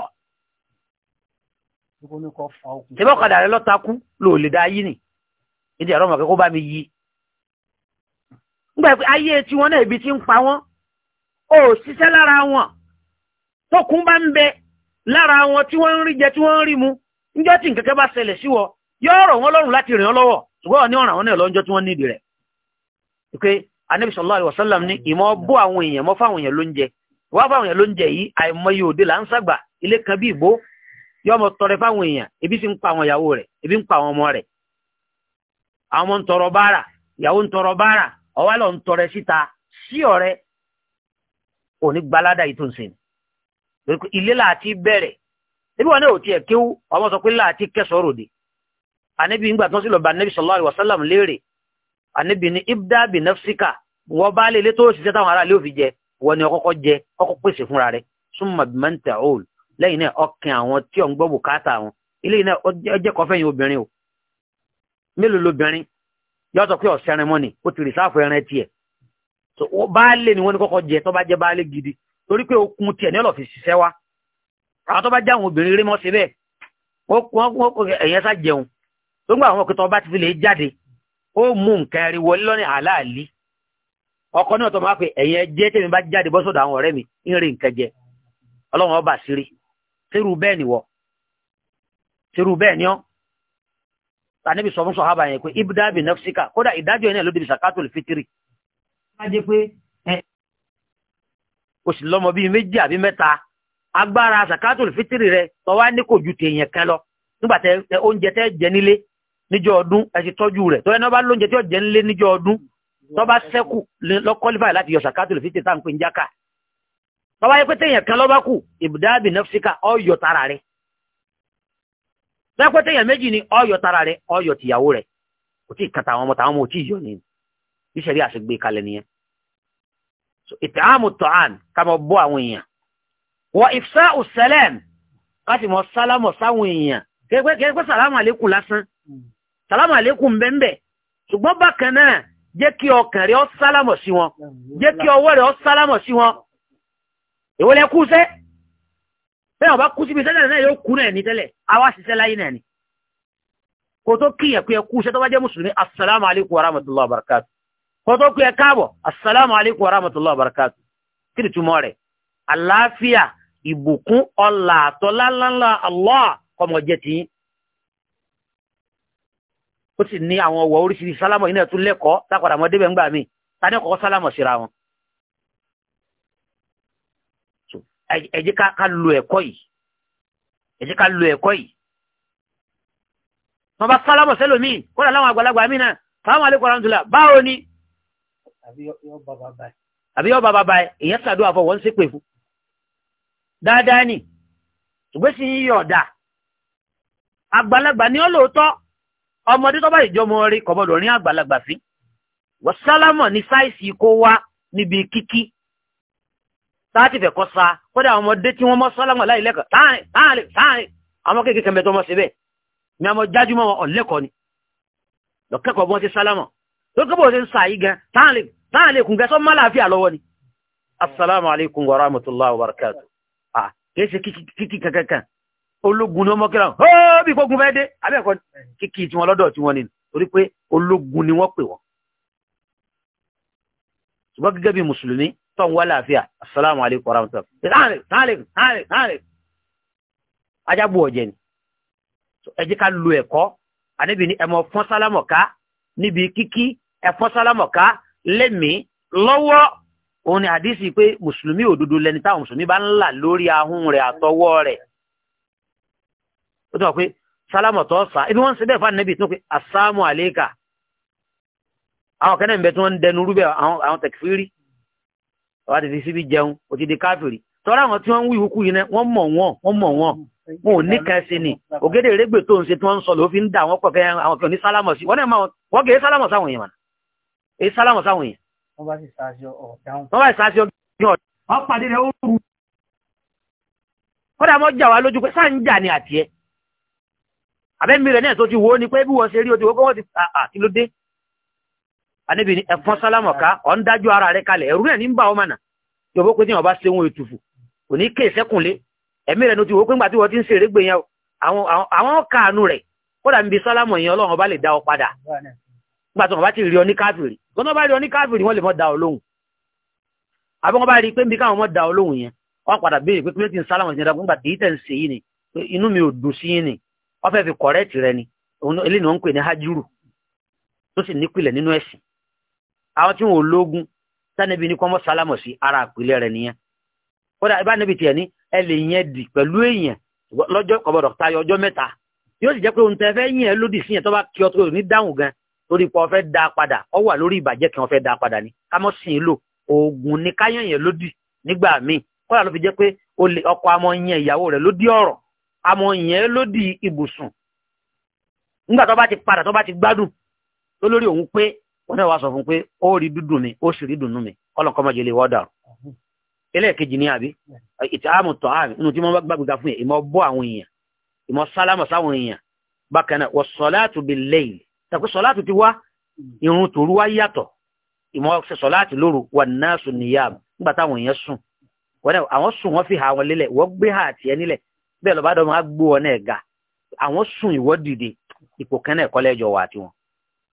ngbà ayé tiwọn náà ibi ti ń pa wọn ò ṣiṣẹ́ lára wọn tókun bá ń bẹ lára wọn tí wọ́n ń rí jẹ tí wọ́n ń rí mu níjọ́ tí nǹkan kan bá ṣẹlẹ̀ sí wọ yóò rọ̀ láti rìn ọ́ lọ́wọ́ ṣùgbọ́n ní ọ̀ràn wọn náà lọ́njọ́ tí wọ́n nídìí rẹ̀ pé anabi sallallahu alaihi wasallam ní ìmọ̀ bó àwọn èèyàn mọ́ fáwọn èèyàn ló ń jẹ ebi sì ń pa àwọn ọwá lọ ń tọrẹ síta sí ọ̀rẹ́ òní gbalada yìí tó ń sìn ilé láti bẹ̀rẹ̀ ebi wọn náà ò tiẹ̀ kéwú ọmọ sọ pé láti kẹsọ̀ ròde anabi ń gbà tó ń sì bá anabi sallallahu alaihi wasallam léèrè anabi ní ibda bi nafsika wọ́n bá lè lé tó ṣiṣẹ́ táwọn ará lè fi jẹ wọ́n ni ọkọ́kọ́ jẹ ọkọ́ pèsè fúnra rẹ̀ súnmọ́ bí mẹ́ta òòl lẹ́yìn náà ọkàn àwọn tí ò ń gbọ́ bùkátà wọn ilé náà ọjẹ́ kọfẹ́yìn obìnrin o mélòó lobìnrin yóò sọ pé ọ̀sẹ̀ ẹran mọ́ ni ó ti rìsáàfù ẹran tiẹ̀ so baálé ni wọ́n ní kọ́kọ́ jẹ tó bá jẹ baálé gidi torí pé okun tiẹ̀ ní ọlọ́fíì ṣiṣẹ́ wa àwọn tó bá já àwọn obìnrin rí mọ́ sí bẹ́ẹ̀ ẹ̀yẹn sá jẹun tó ń gbà àwọn òkè tó bá ti fi lè jáde ó mú nǹkan ẹ̀rí wọlé lọ́ní àláàlí ọkọ náà tó máa pè ẹ̀yẹn jẹ́ tèmi bá jáde bọ́ sọ́dọ̀ àwọn ọ̀rẹ́ mi ń rí nǹkan jẹ ọlọ́run ọba sírí sírú bẹ́ẹ̀ ni wọ́ sírú bẹ́ẹ̀ ni ọ́ tànẹ́bì sọ fún sọ̀hábà yẹn pé ibda bi nafsika kódà ìdájọ́ yẹn ló débi sàkátòlù fitiri. lájẹ pé ẹ kò sì lọ́mọ bíi méjì àbí mẹ́ta agbára sàkátòlù fitiri rẹ tọ́wá ní kò ju tèèyàn kan lọ nígbà tẹ oúnjẹ tẹ jẹ nílé níjọ́ ọdún ẹ ti tọ́jú rẹ̀ tọ́yẹ náà bá lóúnjẹ tí ó jẹ nílé níjọ́ ọdún tọ́ bá sẹ́kù lọ́kọ́lífà láti yọ sàkátòlù fitiri táà ń pè ń jáka tọ́wá yẹ pé tèèyàn kan lọ́ bá kù ibda bi nafsika tara rẹ̀ dápẹ́ tẹ̀yàn méjì ni ọyọ̀ tara rẹ̀ ọyọ̀ tìyàwó rẹ̀ kò tí ì kan ọmọ tàwọn ọmọ ò tí yọ ni ìṣẹ̀rí àṣegbè kalẹ̀ nìyẹn. ìtààmù tọ́hán ká mọ bọ́ àwọn èèyàn wọ ìfẹ́ òsẹ́lẹ̀m káti mọ sálámọ̀ sáwọn èèyàn kẹ́gbẹ́ sàlámù àlékún lásán sàlámù àlékún bẹ́ẹ̀ ṣùgbọ́n bákan náà jẹ́ kí ọkàn rẹ̀ ọ sálámọ̀ sí wọn jẹ́ kí ọwọ́ rẹ̀ ọ sálámọ̀ sí wọn èwo bẹ́ẹ̀ ọba kú síbi tẹ́lẹ̀ náà yóò kú náà ní tẹ́lẹ̀ àwa ṣiṣẹ́ láyé náà ni kò tó kíyàn pé ẹkú iṣẹ́ tó bá jẹ́ mùsùlùmí assalamu alaikum warahmatullahi wabarakatuh kò tó kú ẹ káàbọ̀ assalamu alaikum warahmatullahi wabarakatuh kí ni túmọ̀ rẹ̀ àlàáfíà ìbùkún ọlà àtọ́láńlá Allah kọmọ jẹ́ ti ó sì ní àwọn ọwọ́ oríṣiríṣi sálámọ̀ yìí náà tún lẹ́kọ̀ọ́ débẹ̀ ń gbà mí ta ní ọkọ̀ sálámọ̀ síra wọn ẹ jẹ́ ká lo ẹ̀kọ́ yìí ẹ jẹ́ ká lo ẹ̀kọ́ yìí wọn bá sálámọ̀ sẹ́lòmíì kọ́ra láwọn àgbàlagbà mí náà sáwọn alẹ́ kọ́ra ń tula báwo ni. àbí yọ bàbá báyìí èèyàn ṣàdúrà fún wọn ń ṣépè fún dáadáa ni ìgbésí yìí ọ̀dà àgbàlagbà ni ó lóòótọ́ ọmọdé tó bá ìjọmọ rí kọ̀mọdọ̀ rí àgbàlagbà sí wọ́n sálámọ̀ ní sáìsì kó wá níbi kíkí táàtì fẹ̀ kọ́ sa kódà àwọn ọmọdé tí wọ́n mọ́ sọ́lámọ̀ láì lẹ́kọ̀ọ́ táàrin táàrin táàrin àwọn kéèkéé kẹmẹ́tọ́ ọmọ síbẹ̀ ni a mọ jájú mọ́ ọ̀lẹ́kọ̀ọ́ ni lọ́kẹ́kọ̀ọ́ bọ́n ti sálámọ̀ tó kébò ṣe ń sa yí gan táàrin táàrin kùn gẹ́sọ́ má láàfíà lọ́wọ́ ni. assalamu alaikum wa rahmatullahi wa barakatuh ah kìí ṣe kíkì kankan ológun ni wọ́n mọ́ kíra ó bí gbógun fẹ́ dé abẹ́ẹ̀kọ́ kíkì tiwọn lọ́dọ̀ tiwọn ni torí tó ń wá láàfíà asalaamu aleykum wa rahmatulah tààlẹ tààlẹ tààlẹ tààlẹ ajabu ọjẹ ni ẹ jẹ́ ká lu ẹ̀kọ́ àníbi ni ẹmọ fọn sálámọ ká níbi kíkí ẹfọn sálámọ ká lẹmí lọ́wọ́ òun ni àdísì pé mùsùlùmí òdodo lẹni táwọn mùsùlùmí bá ń là lórí ahun rẹ̀ àtọwọ́ rẹ̀ ó tún wà pé sálámọ tó sá ibi wọn ń ṣe bẹ́ẹ̀ fún àníbi tó pé asalaamu aleyka àwọn kẹ́nẹ́ ń bẹ tí wọ́n ń dẹnu rúbẹ̀ àwọn tẹ̀kífìrí wọ́n ti fi síbi jẹun ó ti di káfìrí tọ́ra àwọn tí wọ́n ń wí ìhùkú yìí náà wọ́n mọ̀ wọ́n wọ́n mọ̀ wọ́n wọn ò ní kan sí ni ògèdè rẹ́gbẹ̀ tó ń ṣe tí wọ́n ń sọ ló fi ń dà wọ́n pọ̀ fẹ́ àwọn kan ní sálámọ̀ wọ́n náà wọ́n kì í sálámọ̀ èèyàn èyí sálámọ̀ sáwọn èèyàn. wọ́n bá sì sáṣọ ọ̀dáhùn. wọ́n bá sì sáṣọ ọ̀dáhùn. wọ́n pàdé rẹ̀ ó rú. kódà mọ́ jà wá lójú pé sáà ń jà ni àtiẹ́ àbẹ́mi o ti wọ́n kọ́ anabi ni ẹfọn sálámọ ká ọ̀n dájú ara rẹ̀ kalẹ̀ ẹ̀rú rẹ̀ ní ń bá ọmọ náà yóò bó pé tí wọn bá ṣe ohun ètùfù kò ní kéè sẹ́kùnlé ẹ̀mí rẹ̀ ló ti wò pé ńgbà tí wọ́n ti ń ṣe erégbè yẹn àwọn àwọn kàánú rẹ̀ kódà níbi sálámọ yẹn ọlọ́run bá lè dá ọ padà nígbà tí wọn bá ti rí ọ ní káfìrì gbọ́dọ̀ bá rí ọ ní káfìrì wọ́n lè mọ́ da ọ lóhùn àbí wọ́n bá rí i pé nbí káwọn mọ́ da ọ lóhùn yẹn wọ́n padà béèrè pé kílódé ní sálámọ yẹn dàgbọ́n gbà tí tẹ̀ ń ṣe yìí ni inú mi ò dùn sí yìí ni wọ́n fẹ́ fi kọ̀rẹ́ẹ̀tì rẹ ni eléyìí ni wọ́n ń pè ní hajiru tó sì nípìnlẹ̀ nínú ẹ̀sìn àwọn tí wọn ò lógún sanabi ní kọ́mọ́ sálámọ̀ sí ara àpilẹ̀ rẹ̀ nìyẹn kódà ibà níbi tiẹ̀ ní ẹ lè yẹn dì pẹ̀lú èèyàn lọ́jọ́ kọ̀bọ̀dọ̀ tayọ ọjọ́ mẹ́ta yóò sì jẹ́ pé ohun tẹ́ fẹ́ yẹn lòdì sí yẹn tó bá kí ọ tó ní dáhùn gan torí pé ọ fẹ́ da padà ọ wà lórí ìbàjẹ́ kí wọ́n fẹ́ da padà ni kámọ́ sìn lò oògùn ní káyàn yẹn lòdì nígbà míì kódà ló fi jẹ́ pé ọkọ amọ̀ yẹn ìyàwó rẹ̀ lòdì ọ̀rọ̀ amọ̀ yẹn lòdì ibùsùn nígbà tó bá ti padà tó bá ti gbádùn lórí òun pé wọn náà wá sọ fún pé ó rí dúdùn mi ó sì rí dùnnú mi ọlọ́nkọ́ máa jẹ lè wọ́ dàrú ẹlẹ́ẹ̀kejì ní àbí ìtààmù tọ́ àmì inú tí wọ́n gbàgbà fún yẹn ìmọ̀ bọ́ àwọn èèyàn ìmọ̀ sálámọ̀ sáwọn èèyàn bákan náà wọ́n sọ̀láàtù bil-layl tàbí sọ̀láàtù ti wá irun tòru wá yàtọ̀ ìmọ̀ sọ̀láàtù lóru wà náà sùn nígbà táwọn èèyàn sùn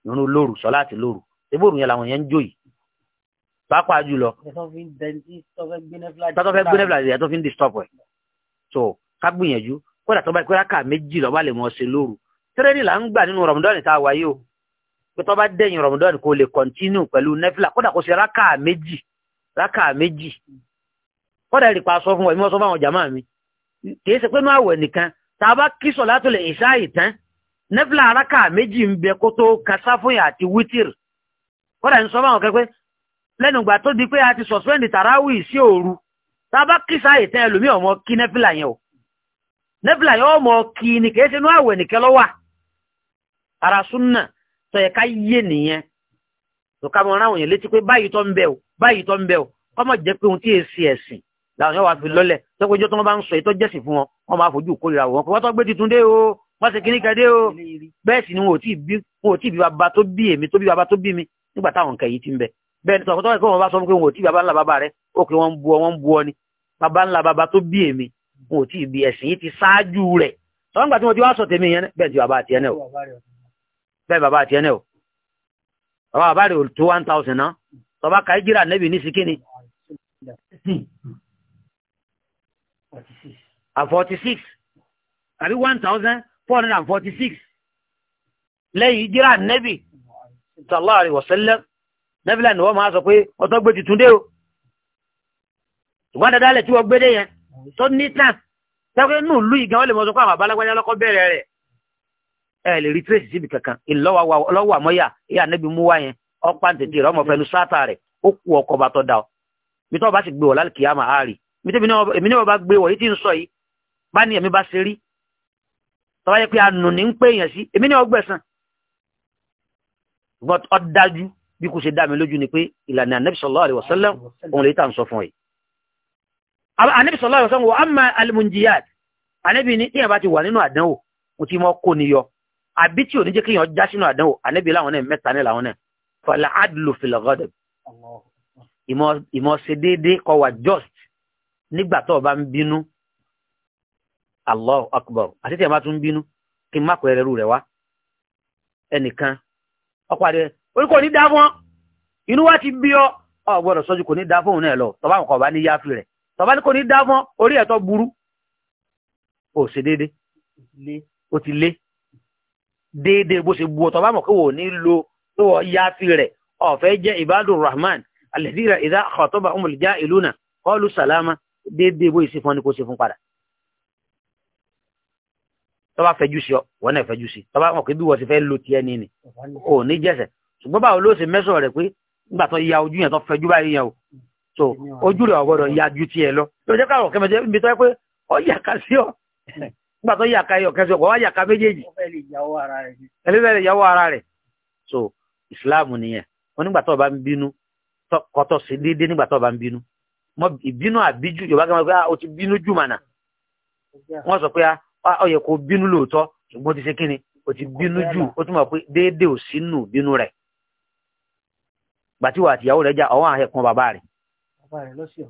irun lóru sọ láti lóru ebóòrù yẹn làwọn yẹn ń jó yìí pàápàá jùlọ. tọ́tọ́ fẹ́ gbéná fìlà tó fi ń disturb ẹ̀ so ká gbìyànjú kódà tó bá kó rákà méjì ló bá lè mọ̀ ṣe lóru tírẹ́nì là ń gbà nínú rọ̀mùdọ́ọ̀nì tá a wáyé o pé tó bá dẹ̀yìn rọ̀mùdọ́ọ̀nì kò lè continue pẹ̀lú nẹ́fìlà kódà kó ṣe rákà méjì rákà méjì kódà èrè pa sọ fún wa èmi wọ́n sọ fún àwọn jàmáà mi kì í ṣe pé máa wẹ̀ nìkan tá a bá kí sọ̀ látòlè ìṣáà ìtàn nẹ́fìlà araka méjì ń bẹ kó tó kasáfóyà àti wítìr kódà ń sọ báwọn kẹ́kẹ́ lẹ́nu ìgbà tó di pé a ti sọ̀spẹ́ndì tàràwì sí òru tá a bá kí sáyè tẹ́ ẹlòmí ọmọ kí nẹ́fìlà yẹn o nẹ́fìlà yẹn ọmọ kí ni kìí ṣe ní àwẹ̀ nìkẹ́ lọ́wà ara súnà tó yẹ ká yé nìyẹn tó ká mọ ráwọn yẹn létí pé báyìí tó ń bẹ o báyìí tó ń bẹ o kọ́mọ̀ jẹ́ pé ohun tí èsì ẹ̀sìn làwọn yẹn wà fi lọ́lẹ̀ tó pé jọ́ tó wọ́n bá ń sọ ètò jẹ́sìn fún wọn wọ́n máa fojú kórìíra wọn pé wọ́n tó gbé titun dé o wọ́n ṣe kíní kadé o bẹ́ẹ̀ sì ni wọn ò tí bí wọn ò tí bí bàbá tó bí èmi tó bí bàbá tó bí mi nígbà táwọn nǹkan yìí ti ń bẹ bẹ́ẹ̀ ni tọkọtọ ìkọ wọn bá sọ pé wọn ò tí bàbá ńlá bàbá rẹ ó pé wọn bu ọ wọn bu ọ ni bàbá ńlá bàbá tó bí èmi wọn ò tí bí ẹ̀sìn yìí ti ṣáájú rẹ̀ sọ nígbà tí wọn ti wá sọ tèmi yẹn bẹ́ẹ̀ ti bàbá àti ẹnẹ o bẹ́ẹ̀ bàbá àti ẹnẹ o bàbá bàbá rẹ tó one thousand náà tọba four hundred and forty six lẹ́yìn ìjírà nẹ́bì sallallahu alaihi wasallam nẹ́bìlá ni wọ́n máa sọ pé ọ̀tọ́ gbé ti túndé o ìwádàá dálẹ̀ tí wọ́n gbé dé yẹn tó ní tán tẹ́gbẹ́ inú ìlú ìgbà wọ́n lè mọ̀ sọ pé àwọn abálágbájá lọ́kọ́ bẹ̀rẹ̀ rẹ̀ ẹ̀ lè rí tírèsì síbi kankan ìlọ́wọ́ àmọ́yà ìyá nẹ́bì mú wá yẹn ọ̀pá tètè rẹ̀ ọmọ fẹnu sáátà rẹ̀ ó kú ọkọ̀ bá tọ́ da ọ mi tọ́ bá sì gbé wọ̀ lálùkìyàmà áàrì mi tẹ́bi bá gbé wọ̀ yìí tí ń sọ yìí bá ní ẹ̀mí bá ṣe rí tọ́wọ́ yẹ pé anù ní ń pè èèyàn sí èmi ní ọgbẹ̀sán but ọ dájú bí kò ṣe dá mi lójú ni pé ìlànà anabi sallallahu òun lè tà ń sọ fún ẹ anabi sallallahu alaihi wasallam wa amma almunjiyat ní ìyẹn bá ti wà nínú àdánwò mo ti mọ kó ni yọ àbí tí ò ní jẹ́ kí èèyàn já sínú àdánwò anabi láwọn náà mẹ́ta ní làwọn náà fala adlu fil ghadab ìmọ̀ ṣe déédéé kó wà just nígbà tó o bá ń bínú Allahu akbar àti tí ẹ máa tún bínú kí n má pẹ́ rẹ̀ rú rẹ̀ wá ẹnìkan ọkọ̀ àdé orí kò ní dá fún ọ inú wá ti bí ọ ọ gbọ́dọ̀ sọ́jú kò ní dá fún òun náà lọ tọ́ba kò bá ní yáfi rẹ̀ tọ́ba ní kò ní dá fún orí ẹ̀tọ́ burú ò ṣe déédé ó ti lé déédé bó ṣe bu ọ tọ́ba mọ̀ kí wò ní lo tó wọ yáfi rẹ̀ ọ̀fẹ́ jẹ́ ibadur rahman alladhina idha khataba umul ja'iluna qalu salama déédé bó ṣe fún ọ ní kó ṣe fún padà tó bá fẹjú sí ọ wọn náà fẹjú sí tó bá wọn pé bí wọn ti fẹ́ lo tiẹ̀ ní ni ò ní jẹsẹ ṣùgbọ́n báwo ló ṣe mẹsàn rẹ pé nígbà tó ya ojú yẹn tó fẹjú báyìí yẹn o so ojú rẹ ọgbọdọ ya ju tiẹ̀ lọ ló jẹ káwọn kẹmẹtẹ ibi tó yẹ pé ọ yàka sí ọ nígbà tó yàka yọ kẹsì ọkọ wá yàka méjèèjì ẹlẹ́fẹ́ lè yàwó ara rẹ̀ so ìsìláàmù nìyẹn wọn nígbà tó bá ń bínú kọtọ sí déédéé nígbà tó bá ń bínú mọ ìbínú àbíjú yorùbá gẹ́gẹ́ bá ó ti sọ pé ah, ó yẹ kó bínú lóòótọ́ ṣùgbọ́n ti ṣe kí ni ó ti bínú jù ó tún mọ̀ pé déédéé ò sínú bínú rẹ̀ gbàtíwà àtìyàwó rẹ̀ já ọwọ́ àhẹ́kùn bàbá rẹ̀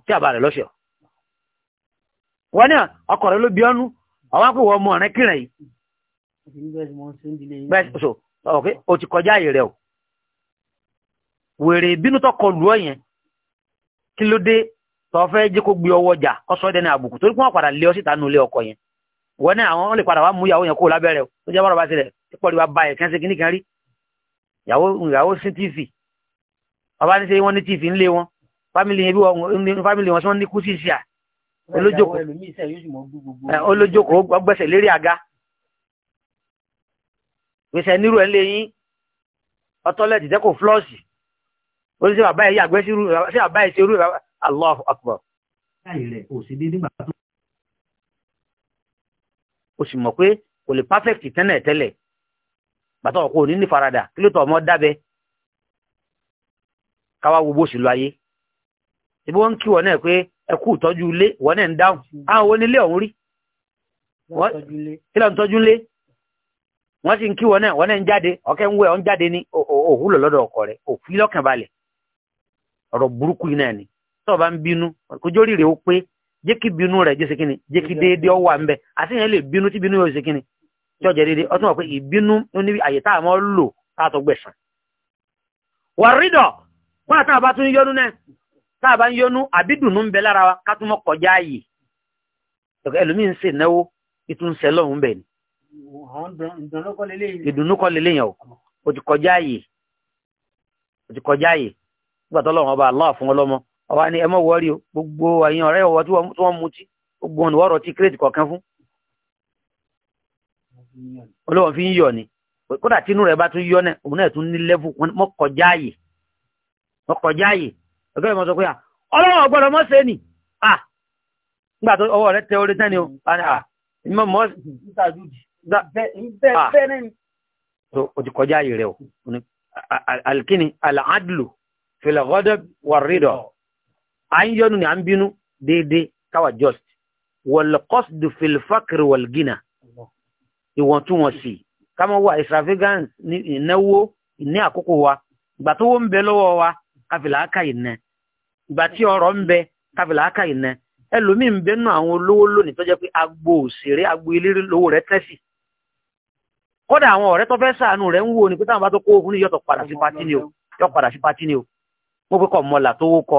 tí àbá rẹ̀ lọ́ṣọ̀ wọ́n ní ọkọ rẹ̀ ló bí ọ́nú ọwọ́ pé wọ́n mọ̀ rẹ̀ kírẹ̀ yìí okay o ti kọjá àyè rẹ̀ o wèrè ìbínú tó kọ lù ọ yẹn kí ló dé tó fẹ́ jẹ́ kó gbé ọwọ́ jà kọ́sọ́dẹ́ ní àbùkù torí pé wọ́n padà lé ọ síta nulẹ̀ ọkọ yẹn wọ́n ní àwọn lè padà wá mú ìyàwó yẹn kó lábẹ́rẹ̀ tó jẹ́ bọ́rọ̀ bá tilẹ̀ pọ̀lú wa ba ẹ̀kẹ́ ṣe kíní kan rí ìyàwó ìyàwó sí tv bàbá ní ṣe wọ́n ní tv ńlé wọn fámìlì yẹn bí wọ́n fámìlì wọn sọ ní kú sí ìṣà olójókòó gbẹ́sẹ̀ lérí àga gbèsè nírú ẹ̀ lé yín ọtọ́lẹ̀ tìtẹ́ kò flọ́ọ̀sì ó ní sí bàbá ẹ̀ yàgbẹ́ sí irú Allah akbar o sì mọ̀ pé kò lè perfect tẹ́lẹ̀ tẹ́lẹ̀ bàtà ọkọ òní ní farada kí ló tọ ọmọ dábẹ káwá wo bó sì lọ ayé ibi wọn ń kí wọn náà pé ẹ kú ìtọ́jú ilé wọn náà ń dáhùn ah, àwọn wo nílé ọ̀hún rí kí ló ń tọ́jú ilé wọn sì ń kí wọn náà wọn náà ń jáde ọkẹ ń wẹ ọ ń jáde ní òwúlọ lọ́dọ̀ ọkọ rẹ òfin lọ́kàn balẹ̀ ọ̀rọ̀ burúkú yìí náà ni tọ́ọ̀ ń bínú kójó rírè ó pé jẹ́ kí bínú rẹ̀ jẹ́ sekini jẹ́ kí déédé ọ wà mbẹ́ àti ìyẹn lè bínú tí bínú yóò sekini tí ọjà déédé ọtún wà pé ìbínú níbi àyè tá a mọ́ lò tá a tó gbẹ̀sán. wà rídọ̀ fún àtàwọn bá tún yọnu náà tá a bá ń yọnu àbí dùnú ń bẹ lára wa ká tún mọ́ kọjá ààyè ẹlòmíì ń sè náwó ìtún sẹ lọ́hùn bẹ̀ ni. ìdùnnú kọ́ lélẹ́yìn o ò ọba ni ẹ mọ̀ wọ́ọ́rì o gbogbo àyìn ọ̀rẹ́ ọ̀wọ́ tí wọ́n mutí gbogbo ọ̀nà wọ́ọ̀rọ̀ tí kírètì kọ̀ọ̀kan fún olóhùn fi ń yọ̀ ni kódà tínú rẹ̀ bá tún yọ náà òun náà tún ní lẹ́fù mọ́kànjá àyè mọ́kànjá àyè ọ̀gá ìmọ̀ sọ pé à ọlọ́wọ́ ọgbọ́dọ̀ mọ́ sẹ́ni à nígbà tó ọwọ́ rẹ tẹ orí sẹ́ni o à ìmọ̀ mọ́ so o ti kọjá àyè rẹ o alikini alaadulu filagọdọ wàrídọ à ń yọnu ni à ń bínú just wal qasd fil faqr wal ghina ìwọ̀ntúnwọ̀nsì káma wà extravagance ní ìnáwó ní àkókò wa ìgbà tó wó ń bẹ lọ́wọ́ wa káfìlà áká ìnẹ ìgbà tí ọrọ̀ ń bẹ káfìlà áká ìnẹ ẹlòmíín bẹ nù àwọn olówó lónìí tó jẹ́ pé agbo òṣèré agbo eléré lówó rẹ̀ tẹ̀sí kódà àwọn ọ̀rẹ́ tó fẹ́ sàánú rẹ̀ ń wò ní pé táwọn bá tó kó fún yọtọ̀ padà sí pátí ni o yọ padà sí pátí ni o mo pé kọ̀ mọ́là tó wó kọ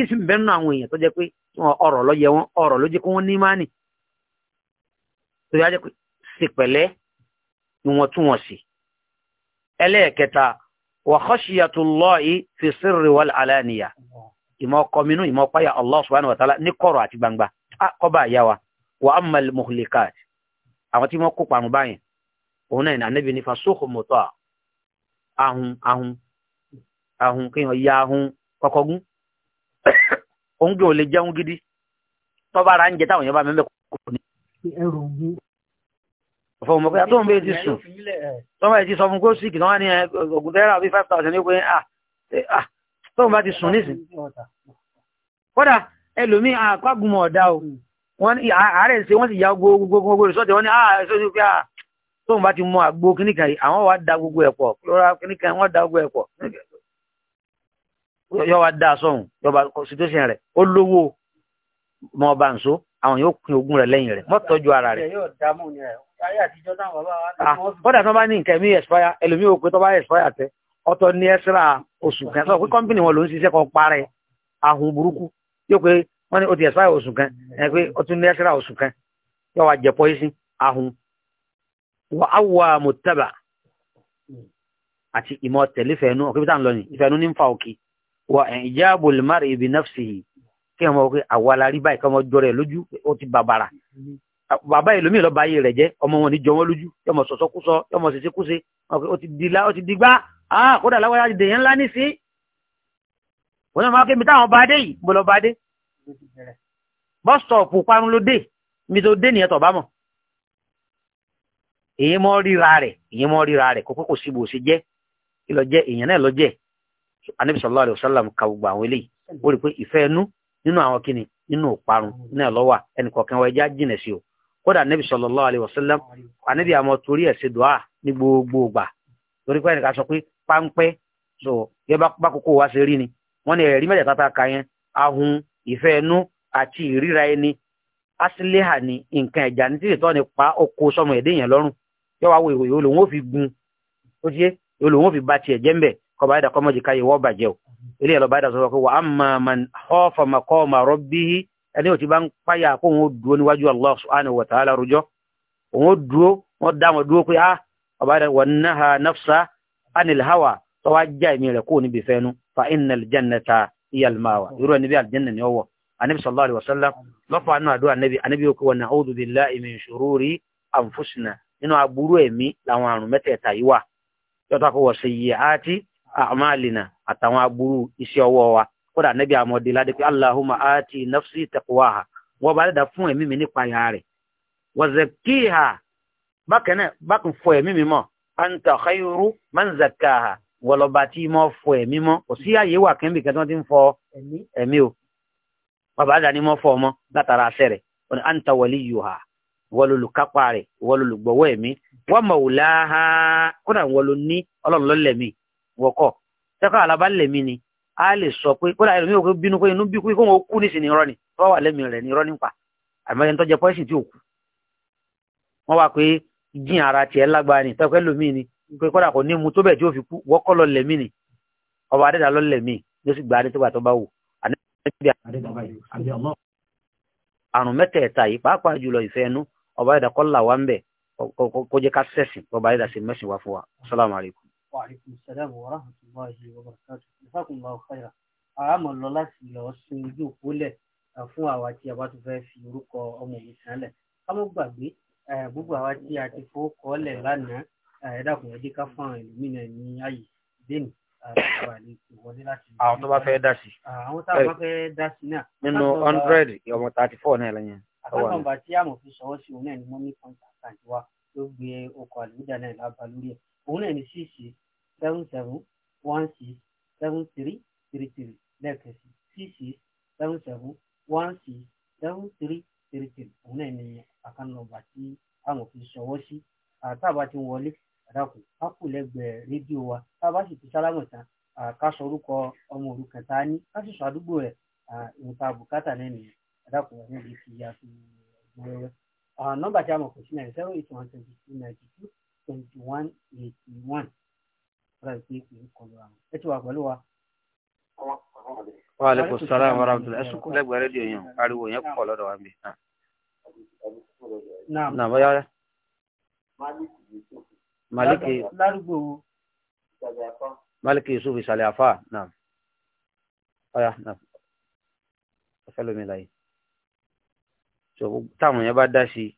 ìsì ń bẹ́nu àwọn èèyàn tó jẹ́ pé ọ̀rọ̀ ló yẹ wọn ọ̀rọ̀ ló jẹ́ kó wọ́n ní mánì tó yá jẹ́ pé sèpẹ̀lẹ́ ni wọ́n tún wọ́n sí ẹlẹ́ẹ̀kẹta wa khashiyatullahi fi sirri wal alaniya ìmọ̀ kọminú ìmọ̀ páyà Allah subhanahu ní kọ̀rọ̀ àti gbangba kọba àyà wa wa ammal muhlikat àwọn tí wọ́n kó parun báyìin òun náà ànábì nífa sóòkò mọ̀tọ́ ahun ahun ahun kéèyàn ya ahun kọ́kọ́gún òun gbé òun lè jẹun gidi tọ́ba ara ń jẹ táwọn èèyàn bá mẹ́mẹ́ kò ní. fọwọ́n mọ̀ pé àtọ́wọ́n bẹ́ẹ̀ ti sùn tọ́ba ẹ̀ ti sọ fún kóòsì kì náà ní ogun eh, tẹ́lá bíi five thousand ní pé ah, eh, ah tọ́wọ́n bá ti sùn nísìn. kódà ẹlòmíì ah, àkọ́gùnmọ̀ ọ̀dà o wọ́n ní ah, àárẹ̀ ṣe wọ́n sì ya gbogbo gbogbo ìṣọ́tẹ̀ wọ́n ní ah ẹ̀ṣọ́ ti pé ah tóun bá ti mú àgbo kíníkan yìí àwọn wa da gbogbo ẹ̀ pọ̀ lọ́ra kíníkan wọ́n da gbogbo ẹ̀ pọ̀ yóò wá dáa sọ̀hún yóò bá situation rẹ̀ ó lówó mọ ọba nso àwọn yóò pín ogún rẹ̀ lẹ́yìn rẹ̀ mọ́tọ́jú ara rẹ̀. kódà ah, tó bá ní nǹkan mi expire ẹlòmíì ò pé tó bá expire tẹ ọ̀tọ̀ ní extra oṣù kan sọ pé company wọn ló ń ṣiṣẹ́ kan parẹ́ ahun burúkú yóò pé wọ́n ní o ti expire oṣù kan ẹ pé o tún ní extra oṣù kan yóò wá jẹ poison ahun wà á wà mọ̀tàbà àti ìmọ̀ tẹ̀lé fẹ̀ẹ́nu ọ̀kẹ́bí tá à ń lọ ní ìfẹ̀ẹ́nu ní ń fa òkè wa ìjáàbò lè má rè ibi nọ́ọ̀sì yìí kí wọn mọ̀ pé àwa la rí báyìí kí wọn jọ rẹ̀ lójú ó ti bàbàrà bàbá ìlómi ìlọba ayé rẹ̀ jẹ́ ọmọ wọn ní jọ lójú yọmọ sọsọ kúsọ yọmọ sèse kúse ó ó ti di ah kódà láwọn yàrá dèyàn ńlá nísì wọn náà máa ké mi táwọn bá dé yìí mo lọ bá dé bọ́sítọ̀pù parun ló dé mi tó dé nìyẹn tó bá mọ̀ èyí mọ́ ríra rẹ̀ èyí mọ́ ríra rẹ̀ kókó kò síbò sí jẹ́ kí jẹ́ èèyàn náà lọ jẹ́ anabi sallallahu alayhi wa sallam ka gbogbo àwọn eléyìí ó rí i pé ìfẹ́ ẹnu nínú àwọn kíni nínú òparun ní ẹ̀lọ́wà ẹnì kọ̀ọ̀kan wọ́n ẹja jìnà sí o kódà anabi sallallahu alayhi wa sallam anabi àmọ́ torí ẹ̀ ṣe dùá ní gbogbo ìgbà torí pé ẹnìkan sọ pé páńpẹ́ so yẹ bá kókó wa ṣe rí ni wọ́n ní ẹ̀rí mẹ́tẹ̀ẹ̀ta tá a kà yẹn ahun ìfẹ́ ẹnu àti ìríra ẹni asíléhà ni nǹkan ẹ̀jà ní títí tọ́ ni pa oko sọmọ ẹ̀dẹ́ yẹn lọ́rùn yọ wá wo ìròyìn olóhùn kọbaada kọmọ jìka yìí wọ́n bàjẹ́ o ilé ẹ̀ lọ́baada sọ pé wà á máa ma họ́ọ̀fà ma kọ́ ma rọ́bí ẹni òtí bá ń páyà kó wọn dúró níwájú Allah subhanahu wa ta'ala rújọ́ wọn dúró wọn dá wọn dúró pé a ọbaada wọn ná ha nafsa anil hawa tó wá já ẹ̀mí rẹ̀ kó níbi fẹ́nu fa innal jannata iyal mawa irú ẹni bí aljanna ni ọwọ́ anabi sallallahu alayhi wa sallam lọ́fọ̀ àánú àdúrà anabi anabi yóò kó wọn na'udhu billahi min shururi anfusina nínú aburú ẹ̀mí làwọn àrùn mẹ́tẹ̀ẹ̀ta yìí wà yọtọ̀ kó wọ́n ṣe àmàlìnà àtàwọn aburú iṣẹ́ ọwọ́ wa kódà nẹ́bí àmọ́dé ládé pé aláhùnmá àti nafsi taqwaha wọ́n bá dẹ́dà fún ẹ̀mí mi nípa ìhà rẹ̀ wazakkiha bákan náà bákan fọ ẹ̀mí mi mọ́ anta khayru man zakkaha wọlọba tí mọ́ fọ ẹ̀mí mọ́ kò sí àyè wà kẹ́mbì kẹ́tọ́ ti ń fọ ẹ̀mí o bàbá dání mọ́ fọ ọmọ látara aṣẹ́ rẹ̀ wọn anta waliyuha wọlọlùkápá rẹ̀ wọlọlùgbọ̀wọ́ ẹ̀mí wọ́n mọ̀ wùláhà kódà wọlọ ní ọlọ́run lọ́lẹ̀mí wọ́kọ̀ tẹ́kọ̀ àlàbá lèmi ni a lè sọ pé kódà ẹlòmí ò bínú pé inú bí kú kóhun kú ní irọ́ ni tó wà lẹ́mi rẹ̀ ní irọ́ nípa àmọ́yẹn tó jẹ pọ́ìsì tí ò kú wọ́n wá pé jìn ara tiẹ̀ lágbára ni tẹ́kọ̀ ẹlòmí ni pé kódà kò ní mu tó bẹ̀ tí ó fi kú wọ́kọ̀ lọ lẹ́mi ni ọba adẹ́dà lọ lẹ́mi ló sì gbà ní tó gbà tó bá wù àrùn mẹ́tẹ̀ẹ̀ta yìí pàápàá jùlọ ìfẹ́ ẹnu ọba adẹ́dà kọ́ là wá kó jẹ́ ká sẹ̀sìn ọba adẹ́dà sì mẹ́sìn wá fún wa assalamu وعليكم السلام ورحمة الله وبركاته جزاكم الله خيرا àmọ́ الله láti lọ sin ojú òpó lẹ̀ fún àwa tí a bá tún fẹ́ẹ́ fi orúkọ ọmọ mi sànlẹ̀ ká mọ́ gbàgbé gbogbo àwa tí a ti fowókọ́ lẹ̀ lánàá ẹ dákun ẹ jẹ́ ká fún àwọn ẹlòmíràn ní ààyè bẹ́ẹ̀ni àwọn àlè kò wọlé láti. àwọn tó bá fẹ́ dá sí. àwọn tá bá fẹ́ dá sí náà. nínú hundred ọmọ thirty four náà lẹ́yìn. àkọ́kọ́ nǹkan tí àmọ̀ fi sọ́wọ́ sí òun náà ni mọ́mí kan tàkàtì wa ló gbé ọkọ̀ àlùmíjà náà lábàá lórí ẹ̀ òun náà ní ṣíṣe seven seven one six seven three three three lẹ́ẹ̀kan sí six six seven seven one six seven three three three òun náà ní àkànnọ̀bà tí àwọn fi ṣọwọ́ sí àtàbà tí ń wọlé àdàkùn kápò lẹ́gbẹ̀ẹ́ rédíò wa tábà sì ti sálámọ̀ tán àkàṣọ orúkọ ọmọ òrukàn tá a ní káṣíṣọ àdúgbò rẹ̀ nǹka bùkátà náà nìyẹn àdàkùn wọn níbi tí a fi gbọ́ wẹ́wẹ́. nọ́mbà tí a mọ̀ kò sí náà eight one twenty two ninety two twenty one eighty one ọ̀rọ̀ ìpè kì í kọlu àwọn ẹ ti wà ah. yusuf ìsàlẹ̀ afa naam. ọ̀ya naam. ọ̀fẹ́ lómi láyé. táwọn yẹn bá dá sí i.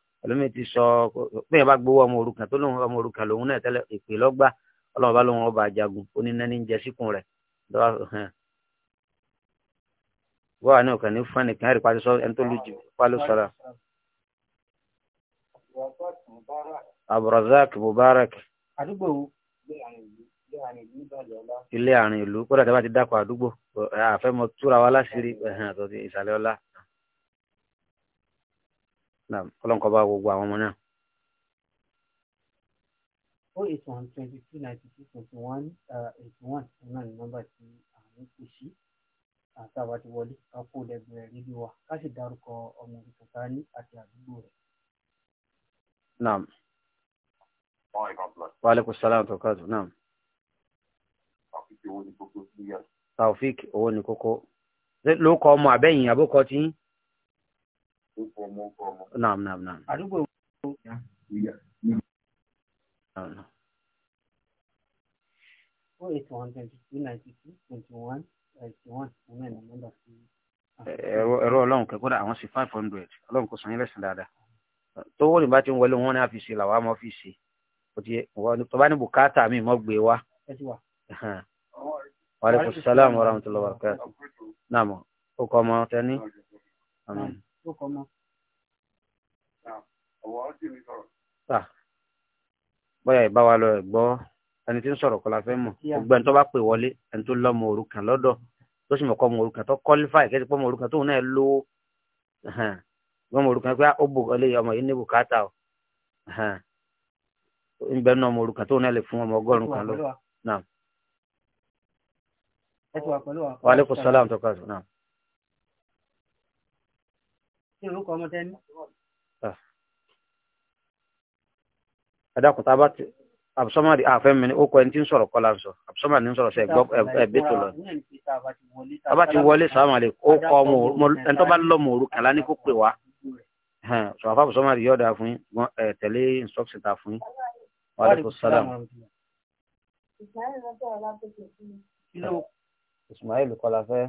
ẹlòmíì ti sọ pé ẹ bá gbowó ọmọ òrukàn tó lóun ọmọ òrukàn lòun náà tẹ́lẹ̀ ìpè lọ́gbà ọlọ́run bá lóun ọba àjagun ó ní nání ń jẹ síkùn rẹ̀ wọ́n wà ọ̀kàn ní fún ẹnìkan ẹ̀rí pàṣẹ sọ ẹni tó lu jù pálọ̀ sọ̀rọ̀. abrazak mubarak. àdúgbò ilé àárín ìlú kódà tí a bá ti dákọ̀ àdúgbò àfẹ́mọ́ túra wa láṣìírí ìsàlẹ̀ ọlá náà ọlọ́run kó bá gbogbo àwọn ọmọ náà. o oh, eight one twenty two ninety two twenty one uh, eighty one náà ni nọ́mbà tí àwọn kò sí àtàwọn àti wọlé kápò lẹ́gbẹ̀rẹ́ níbi wa ká sì dárúkọ ọmọ ìtàn ká ní àti àdúgbò rẹ̀. naam. wa aleykum tó káàtó naam. Taofik owó ni kókó. Ló ọmọ àbẹ́yìn àbókọ tí yín. Naam, naam, naam. Àdúgbò Ẹ̀rọ ọlọ́run kẹ́kọ́ dà àwọn sí five hundred ọlọ́run kò sàn yín lẹ́sìn dáadáa. Tó wọ́n nígbà tí ń wọlé wọn ní àfíìsì làwọn àmọ́ ọ́fíìsì. Tó bá ní bùkátà mi mọ́ gbé wá. Wa alaikum salaam wa rahmatullahi wa barakatuh. Naam, ó kọ́ ọmọ tẹ́ni. Amin ó kọ mọ. bóyá ìbá wa lọ ẹ̀ gbọ́ ẹni tí ń sọ̀rọ̀ kọ́lá fẹ́ mọ̀ gbogbo ẹni tó bá pè wọlé ẹni tó lọ́mọ òrukàn lọ́dọ̀ tó sì mọ̀ kọ́ ọmọ òrukàn tó kọ́lífàì kẹ́sì pọ́ ọmọ òrukàn tóun náà lówó ọmọ òrukàn pé ah, ó bò ọlẹ́yìn ọmọ yìí ní bùkátà o ń bẹ náà ọmọ òrukàn tóun náà lè fún ọmọ ọgọ́rùn-ún kan lọ. Wa alaikum tó kọ́ àtúnṣe náà kí orúkọ ọmọ tẹ́ni. adákùn ah. tá a bá ti o àfẹ́mi ni ó kọ ẹni tí ń sọ̀rọ̀ kọ́lá ń sọ abusomari ń sọ̀rọ̀ sẹ́ ẹ̀bí tó lọ. a bá O wọlé sàmà lè ó kọ ẹni tó bá lọ mọ òru kàlá ní kó pè wá. sọ̀rọ̀ fún abusomari yọ̀ọ̀dà fún yín tẹ̀lé instruction ta fún yín. wa alaikum salam. Ismail kọ́lá fẹ́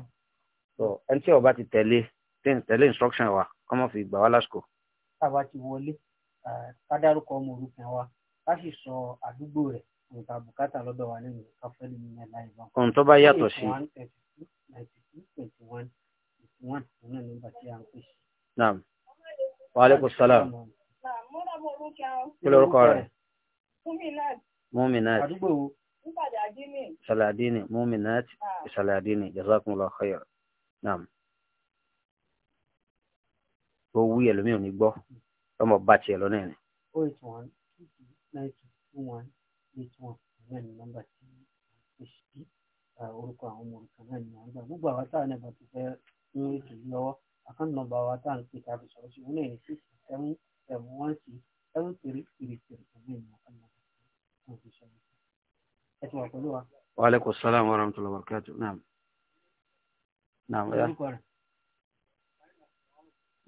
ẹni tí ó ti tẹ̀lé tẹ̀lé instruction wa ọmọ fi gbà wá lásìkò. táwa ti wọlé ká dárúkọ ọmọ òrukàn wa ká sì sọ àdúgbò rẹ̀ nǹkan bùkátà lọ́dọ̀ wa nínú káfẹ́lì ní ẹ̀la ìbọn. ohun tó bá yàtọ̀ sí. naam waaleykum salaam. kí lorúkọ rẹ̀. muminat. àdúgbò wo. saladini muminat ah. saladini jazakumullahu khayr naam tó wí ẹlòmíì ò ní gbọ́ ọmọ bá tiẹ̀ lọ náà ni. o eight one two two nine two two one eight one náà ni nọ́mbà tí o ṣe bí orúkọ àwọn ọmọ nǹkan náà ni wọ́n gbà gbogbo àwọn táwọn náà bá ti fẹ́ mú ètò yìí lọ́wọ́ àkàn wa táwọn pè ká sọ̀rọ̀ sí wọn ní six seven seven one six seven three three three ọ̀gbìn ní àkàn náà wọ́n fi sọ̀rọ̀ sí. ẹ ti wà pẹ̀lú wa. wa aleykum salaam wa rahmatulah wa barakatuh naam naam ya. orúkọ rẹ̀.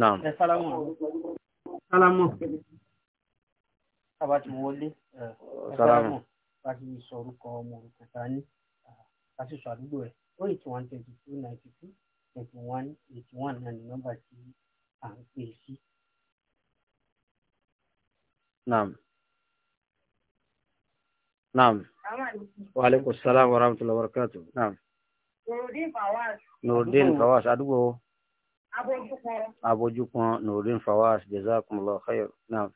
Naam. Ẹ sálámù. Sálámù. Àbá ti wọlé. Ẹ sálámù. Bá ti sọ orúkọ ọmọ orúkọ ta ní. Bá ti sọ àdúgbò rẹ̀. Ó eight one twenty two ninety two twenty one eighty one náà ni nọ́mbà tí à ń pè sí. Naam. Naam. Wa alaikum salaam wa rahmatullahi wa barakatuh. Naam. Nurudin Fawaz. Nurudin Fawaz àdúgbò abojúpọn Nurin Fawaz jazakumullahu khair náà.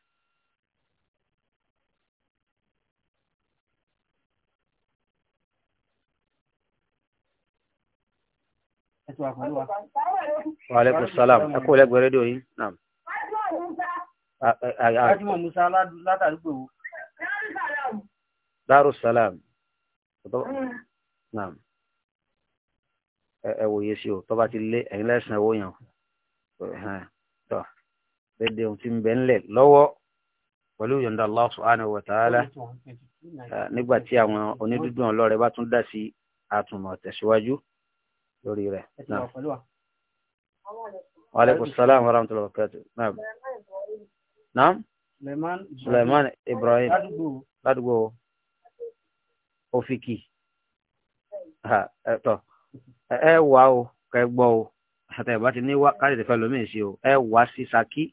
Wàhálẹ́kùn sálàm. Ẹ kó lẹ́gbẹ̀ẹ́ rédíò yìí. Naam. Ajúmọ̀ Musa látàrúgbò Darussalam. Hmm. Naam ẹ wòye sí o tó bá ti lé ẹ̀yin lẹ́sìn ẹ̀wọ̀ yàn tó dédé ohun tí ń bẹ ńlẹ̀ lọ́wọ́ pẹ̀lú yọ̀ǹda Allah subhanahu wa ta'ala nígbà tí àwọn onídùúdù ọlọ́rẹ̀ bá tún dá sí àtùmọ̀ tẹ̀síwájú lórí rẹ̀. Wa alaykum assalam wa rahmatullahi wa Suleiman Ibrahim. Ládùúgbò Ofiki ẹ wà o kẹ gbọ́ o àtẹ ìbá ti ní wá káàdì tẹfẹ lómi ìṣe o ẹ wà sí Ṣakí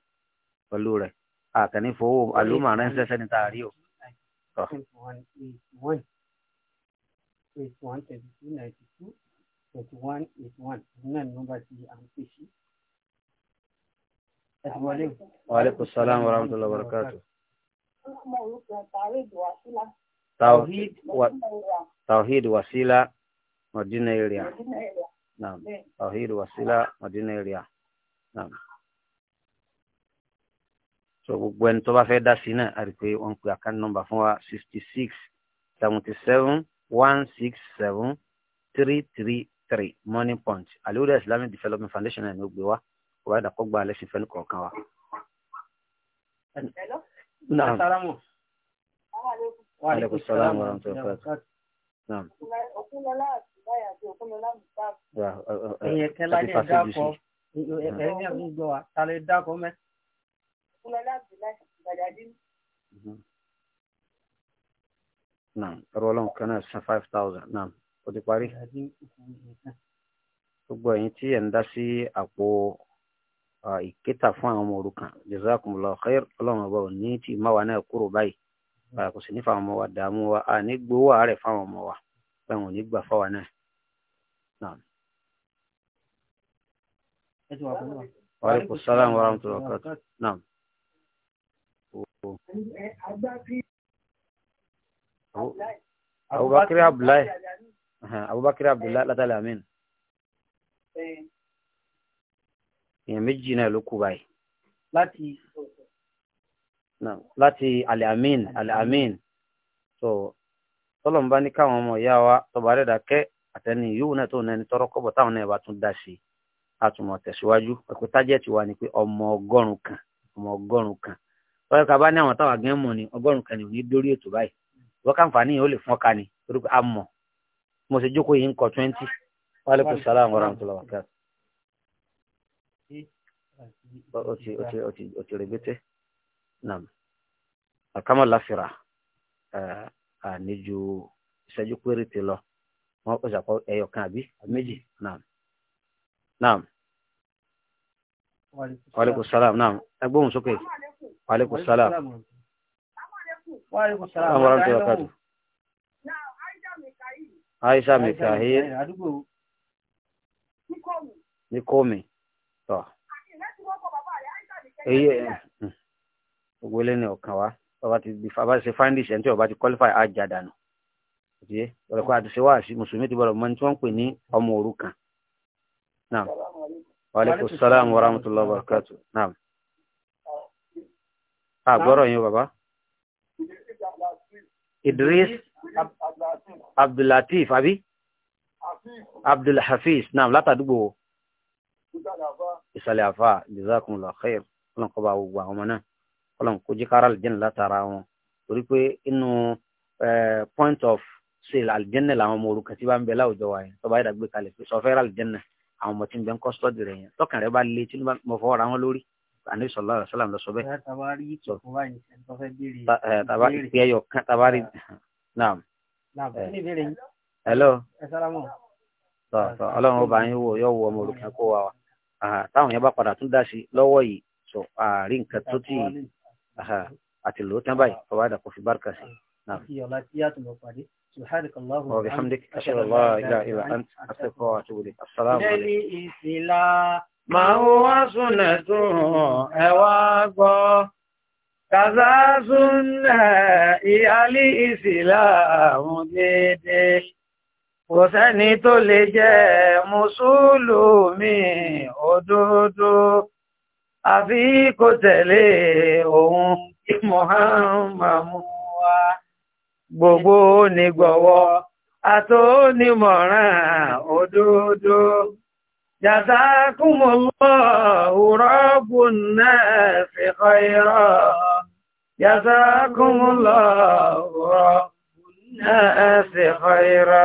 pẹ̀lú rẹ̀ àtẹní fowó àlùmọ rẹ ń ṣẹṣẹ ní tààrí o. Wa alaikum wa rahmatullahi wa barakatuh. Tawhid wa Tawhid wasila Madina area. Naam. Tawhid Wasila Madina area. Naam. So gbogbo ẹni tó bá fẹ́ dá sí náà, a rí i pé wọ́n ń pe account number fún wa sixty six seventy seven one six seven three three three Money Punch. Aliuda Islamic Development Foundation ẹ̀ ní ó gbé wa. Wọ́n yà dàpọ̀ gba alẹ́sìn fẹ́ni kọ̀ọ̀kan wa. Naam. Wa aleykum salaam wa rahmatullahi wa barakatuh. Naam ẹ̀yìn kẹlá ní ìdákọ̀ ẹ̀yìn àgbọ̀ wa ta lè dákọ̀ mẹ́. Naam, ẹ̀rọ ọlọ́run kan náà san five thousand. Naam, ó ti parí. Gbogbo ẹ̀yin tí ẹ̀ ń dá sí àpò ìkéta fún àwọn ọmọ òrukàn. Jazakumullahu khair. Ọlọ́run ọba ò ní tí máa wà náà kúrò báyìí kò sì ní fáwọn ọmọ wa dààmú wa a ní gbowó àárẹ̀ fáwọn ọmọ wa bẹ́ẹ̀ ò ní gbà fáwọn náà náà. ẹ ti wà fún wa. wàhálà sálàmù wàhálà tó wà kàtó náà. abubakar abdullahi abubakar abdullahi látàlẹ́ amin. èèyàn méjì náà ló kù báyìí. láti. láti al-amin al-amin so tọ́lọ̀ ń bá ní káwọn ọmọ ìyá wa tọba rẹ̀ dákẹ́ àtẹni yóò náà tó náà ní tọrọ kọ́bọ̀ táwọn náà bá tún dá sí i àtúmọ̀ tẹ̀síwájú pẹ̀pẹ́ tájẹ́tì wa ni pé ọmọ ọgọ́rùn kan ọmọ ọgọ́rùn kan wọ́n ká bá ní àwọn táwọn agẹ́ mọ̀ ni ọgọ́rùn kan ni ò ní dórí ètò báyìí wọ́n ká nfààní yìí ó lè fún ọkà ni torí pé a mọ̀ mo sì jókòó yìí ń kọ twenty wàlẹ́kùn sálàmù warahmatullahi wabarakatuh. o ti o ti o ti o ti rebete naam alkama lafira eh, a ní ju ìṣẹ́jú péréte lọ wọ́n pèsè àpọ̀ ẹyọ kan àbí méjì naam naam wàlékún salam naam ẹgbóhùn sókè wàlékún Salaam. wàlékún salam wàlékún salam Aisha Mikahil ní kómi tọ́ èyí hm. gbogbo ilé ní ọ̀kan wa ọba ti ṣe findings ẹni tí ọba ti qualify ajá dànù àti yé ọ̀rọ̀ kó àti ṣe wá sí mùsùlùmí ti bọ̀rọ̀ mọ́ni tí wọ́n ń pè ní ọmọ òrukàn náà wàlẹ́kù sálàmù warahmatullahi wabarakatuh náà àgbọ́rọ̀ yín bàbá Idris Abdulatif àbí Abdulhafiz náà látàdúgbò ìsàlẹ̀ àfà jazakumullahu khair ọlọ́nkọ́ bá gbogbo àwọn ọmọ náà ọlọ́nkọ́ jíkára lè jẹ́ látara wọn torí pé inú eh, point of ṣe àlìjẹ́nà làwọn ọmọ orúkọ tí bá ń bẹ láwùjọ wa yẹn tọ́ba ìdàgbé kalẹ̀ pé sọfẹ́ rà àlìjẹ́nà àwọn ọmọ tí ń bẹ ń kọ́sítọ́dì rẹ̀ yẹn tọkàn rẹ̀ bá le tí mo fọwọ́ ra wọn lórí àníbi sọlá rẹ̀ sọlá lọ sọ bẹ́ẹ̀. tabari eh, ìpè ẹyọ kan tabari naam. Eh, hello. tọ tọ ọlọ́run ọba yín wò yóò wọ ọmọ orúkọ kó wa wa táwọn yẹn bá padà tún dá sí lọ́wọ́ yìí sọ àárín nǹkan tó tì àti lóòótọ́ báyìí ọba ìdàpọ̀ fi bárkà sí. Naam. Ìyọ̀lá tí yàtọ̀ lọ pàdé. سبحانك اللهم وبحمدك أشهد أن لا إله إلا أنت أستغفرك وأتوب إليك السلام عليكم ما هو سنة أواقو كذا سنة إيالي إسلام ديدي وسني تولي مسلومي òdodo àfi kò tẹ̀lé òun gbogbo onígbọ̀wọ́ àtòónímọ̀ràn òdodo. Jazakumullahu rabbun nasi khaira. Jazakumullahu rabbun nasi khaira.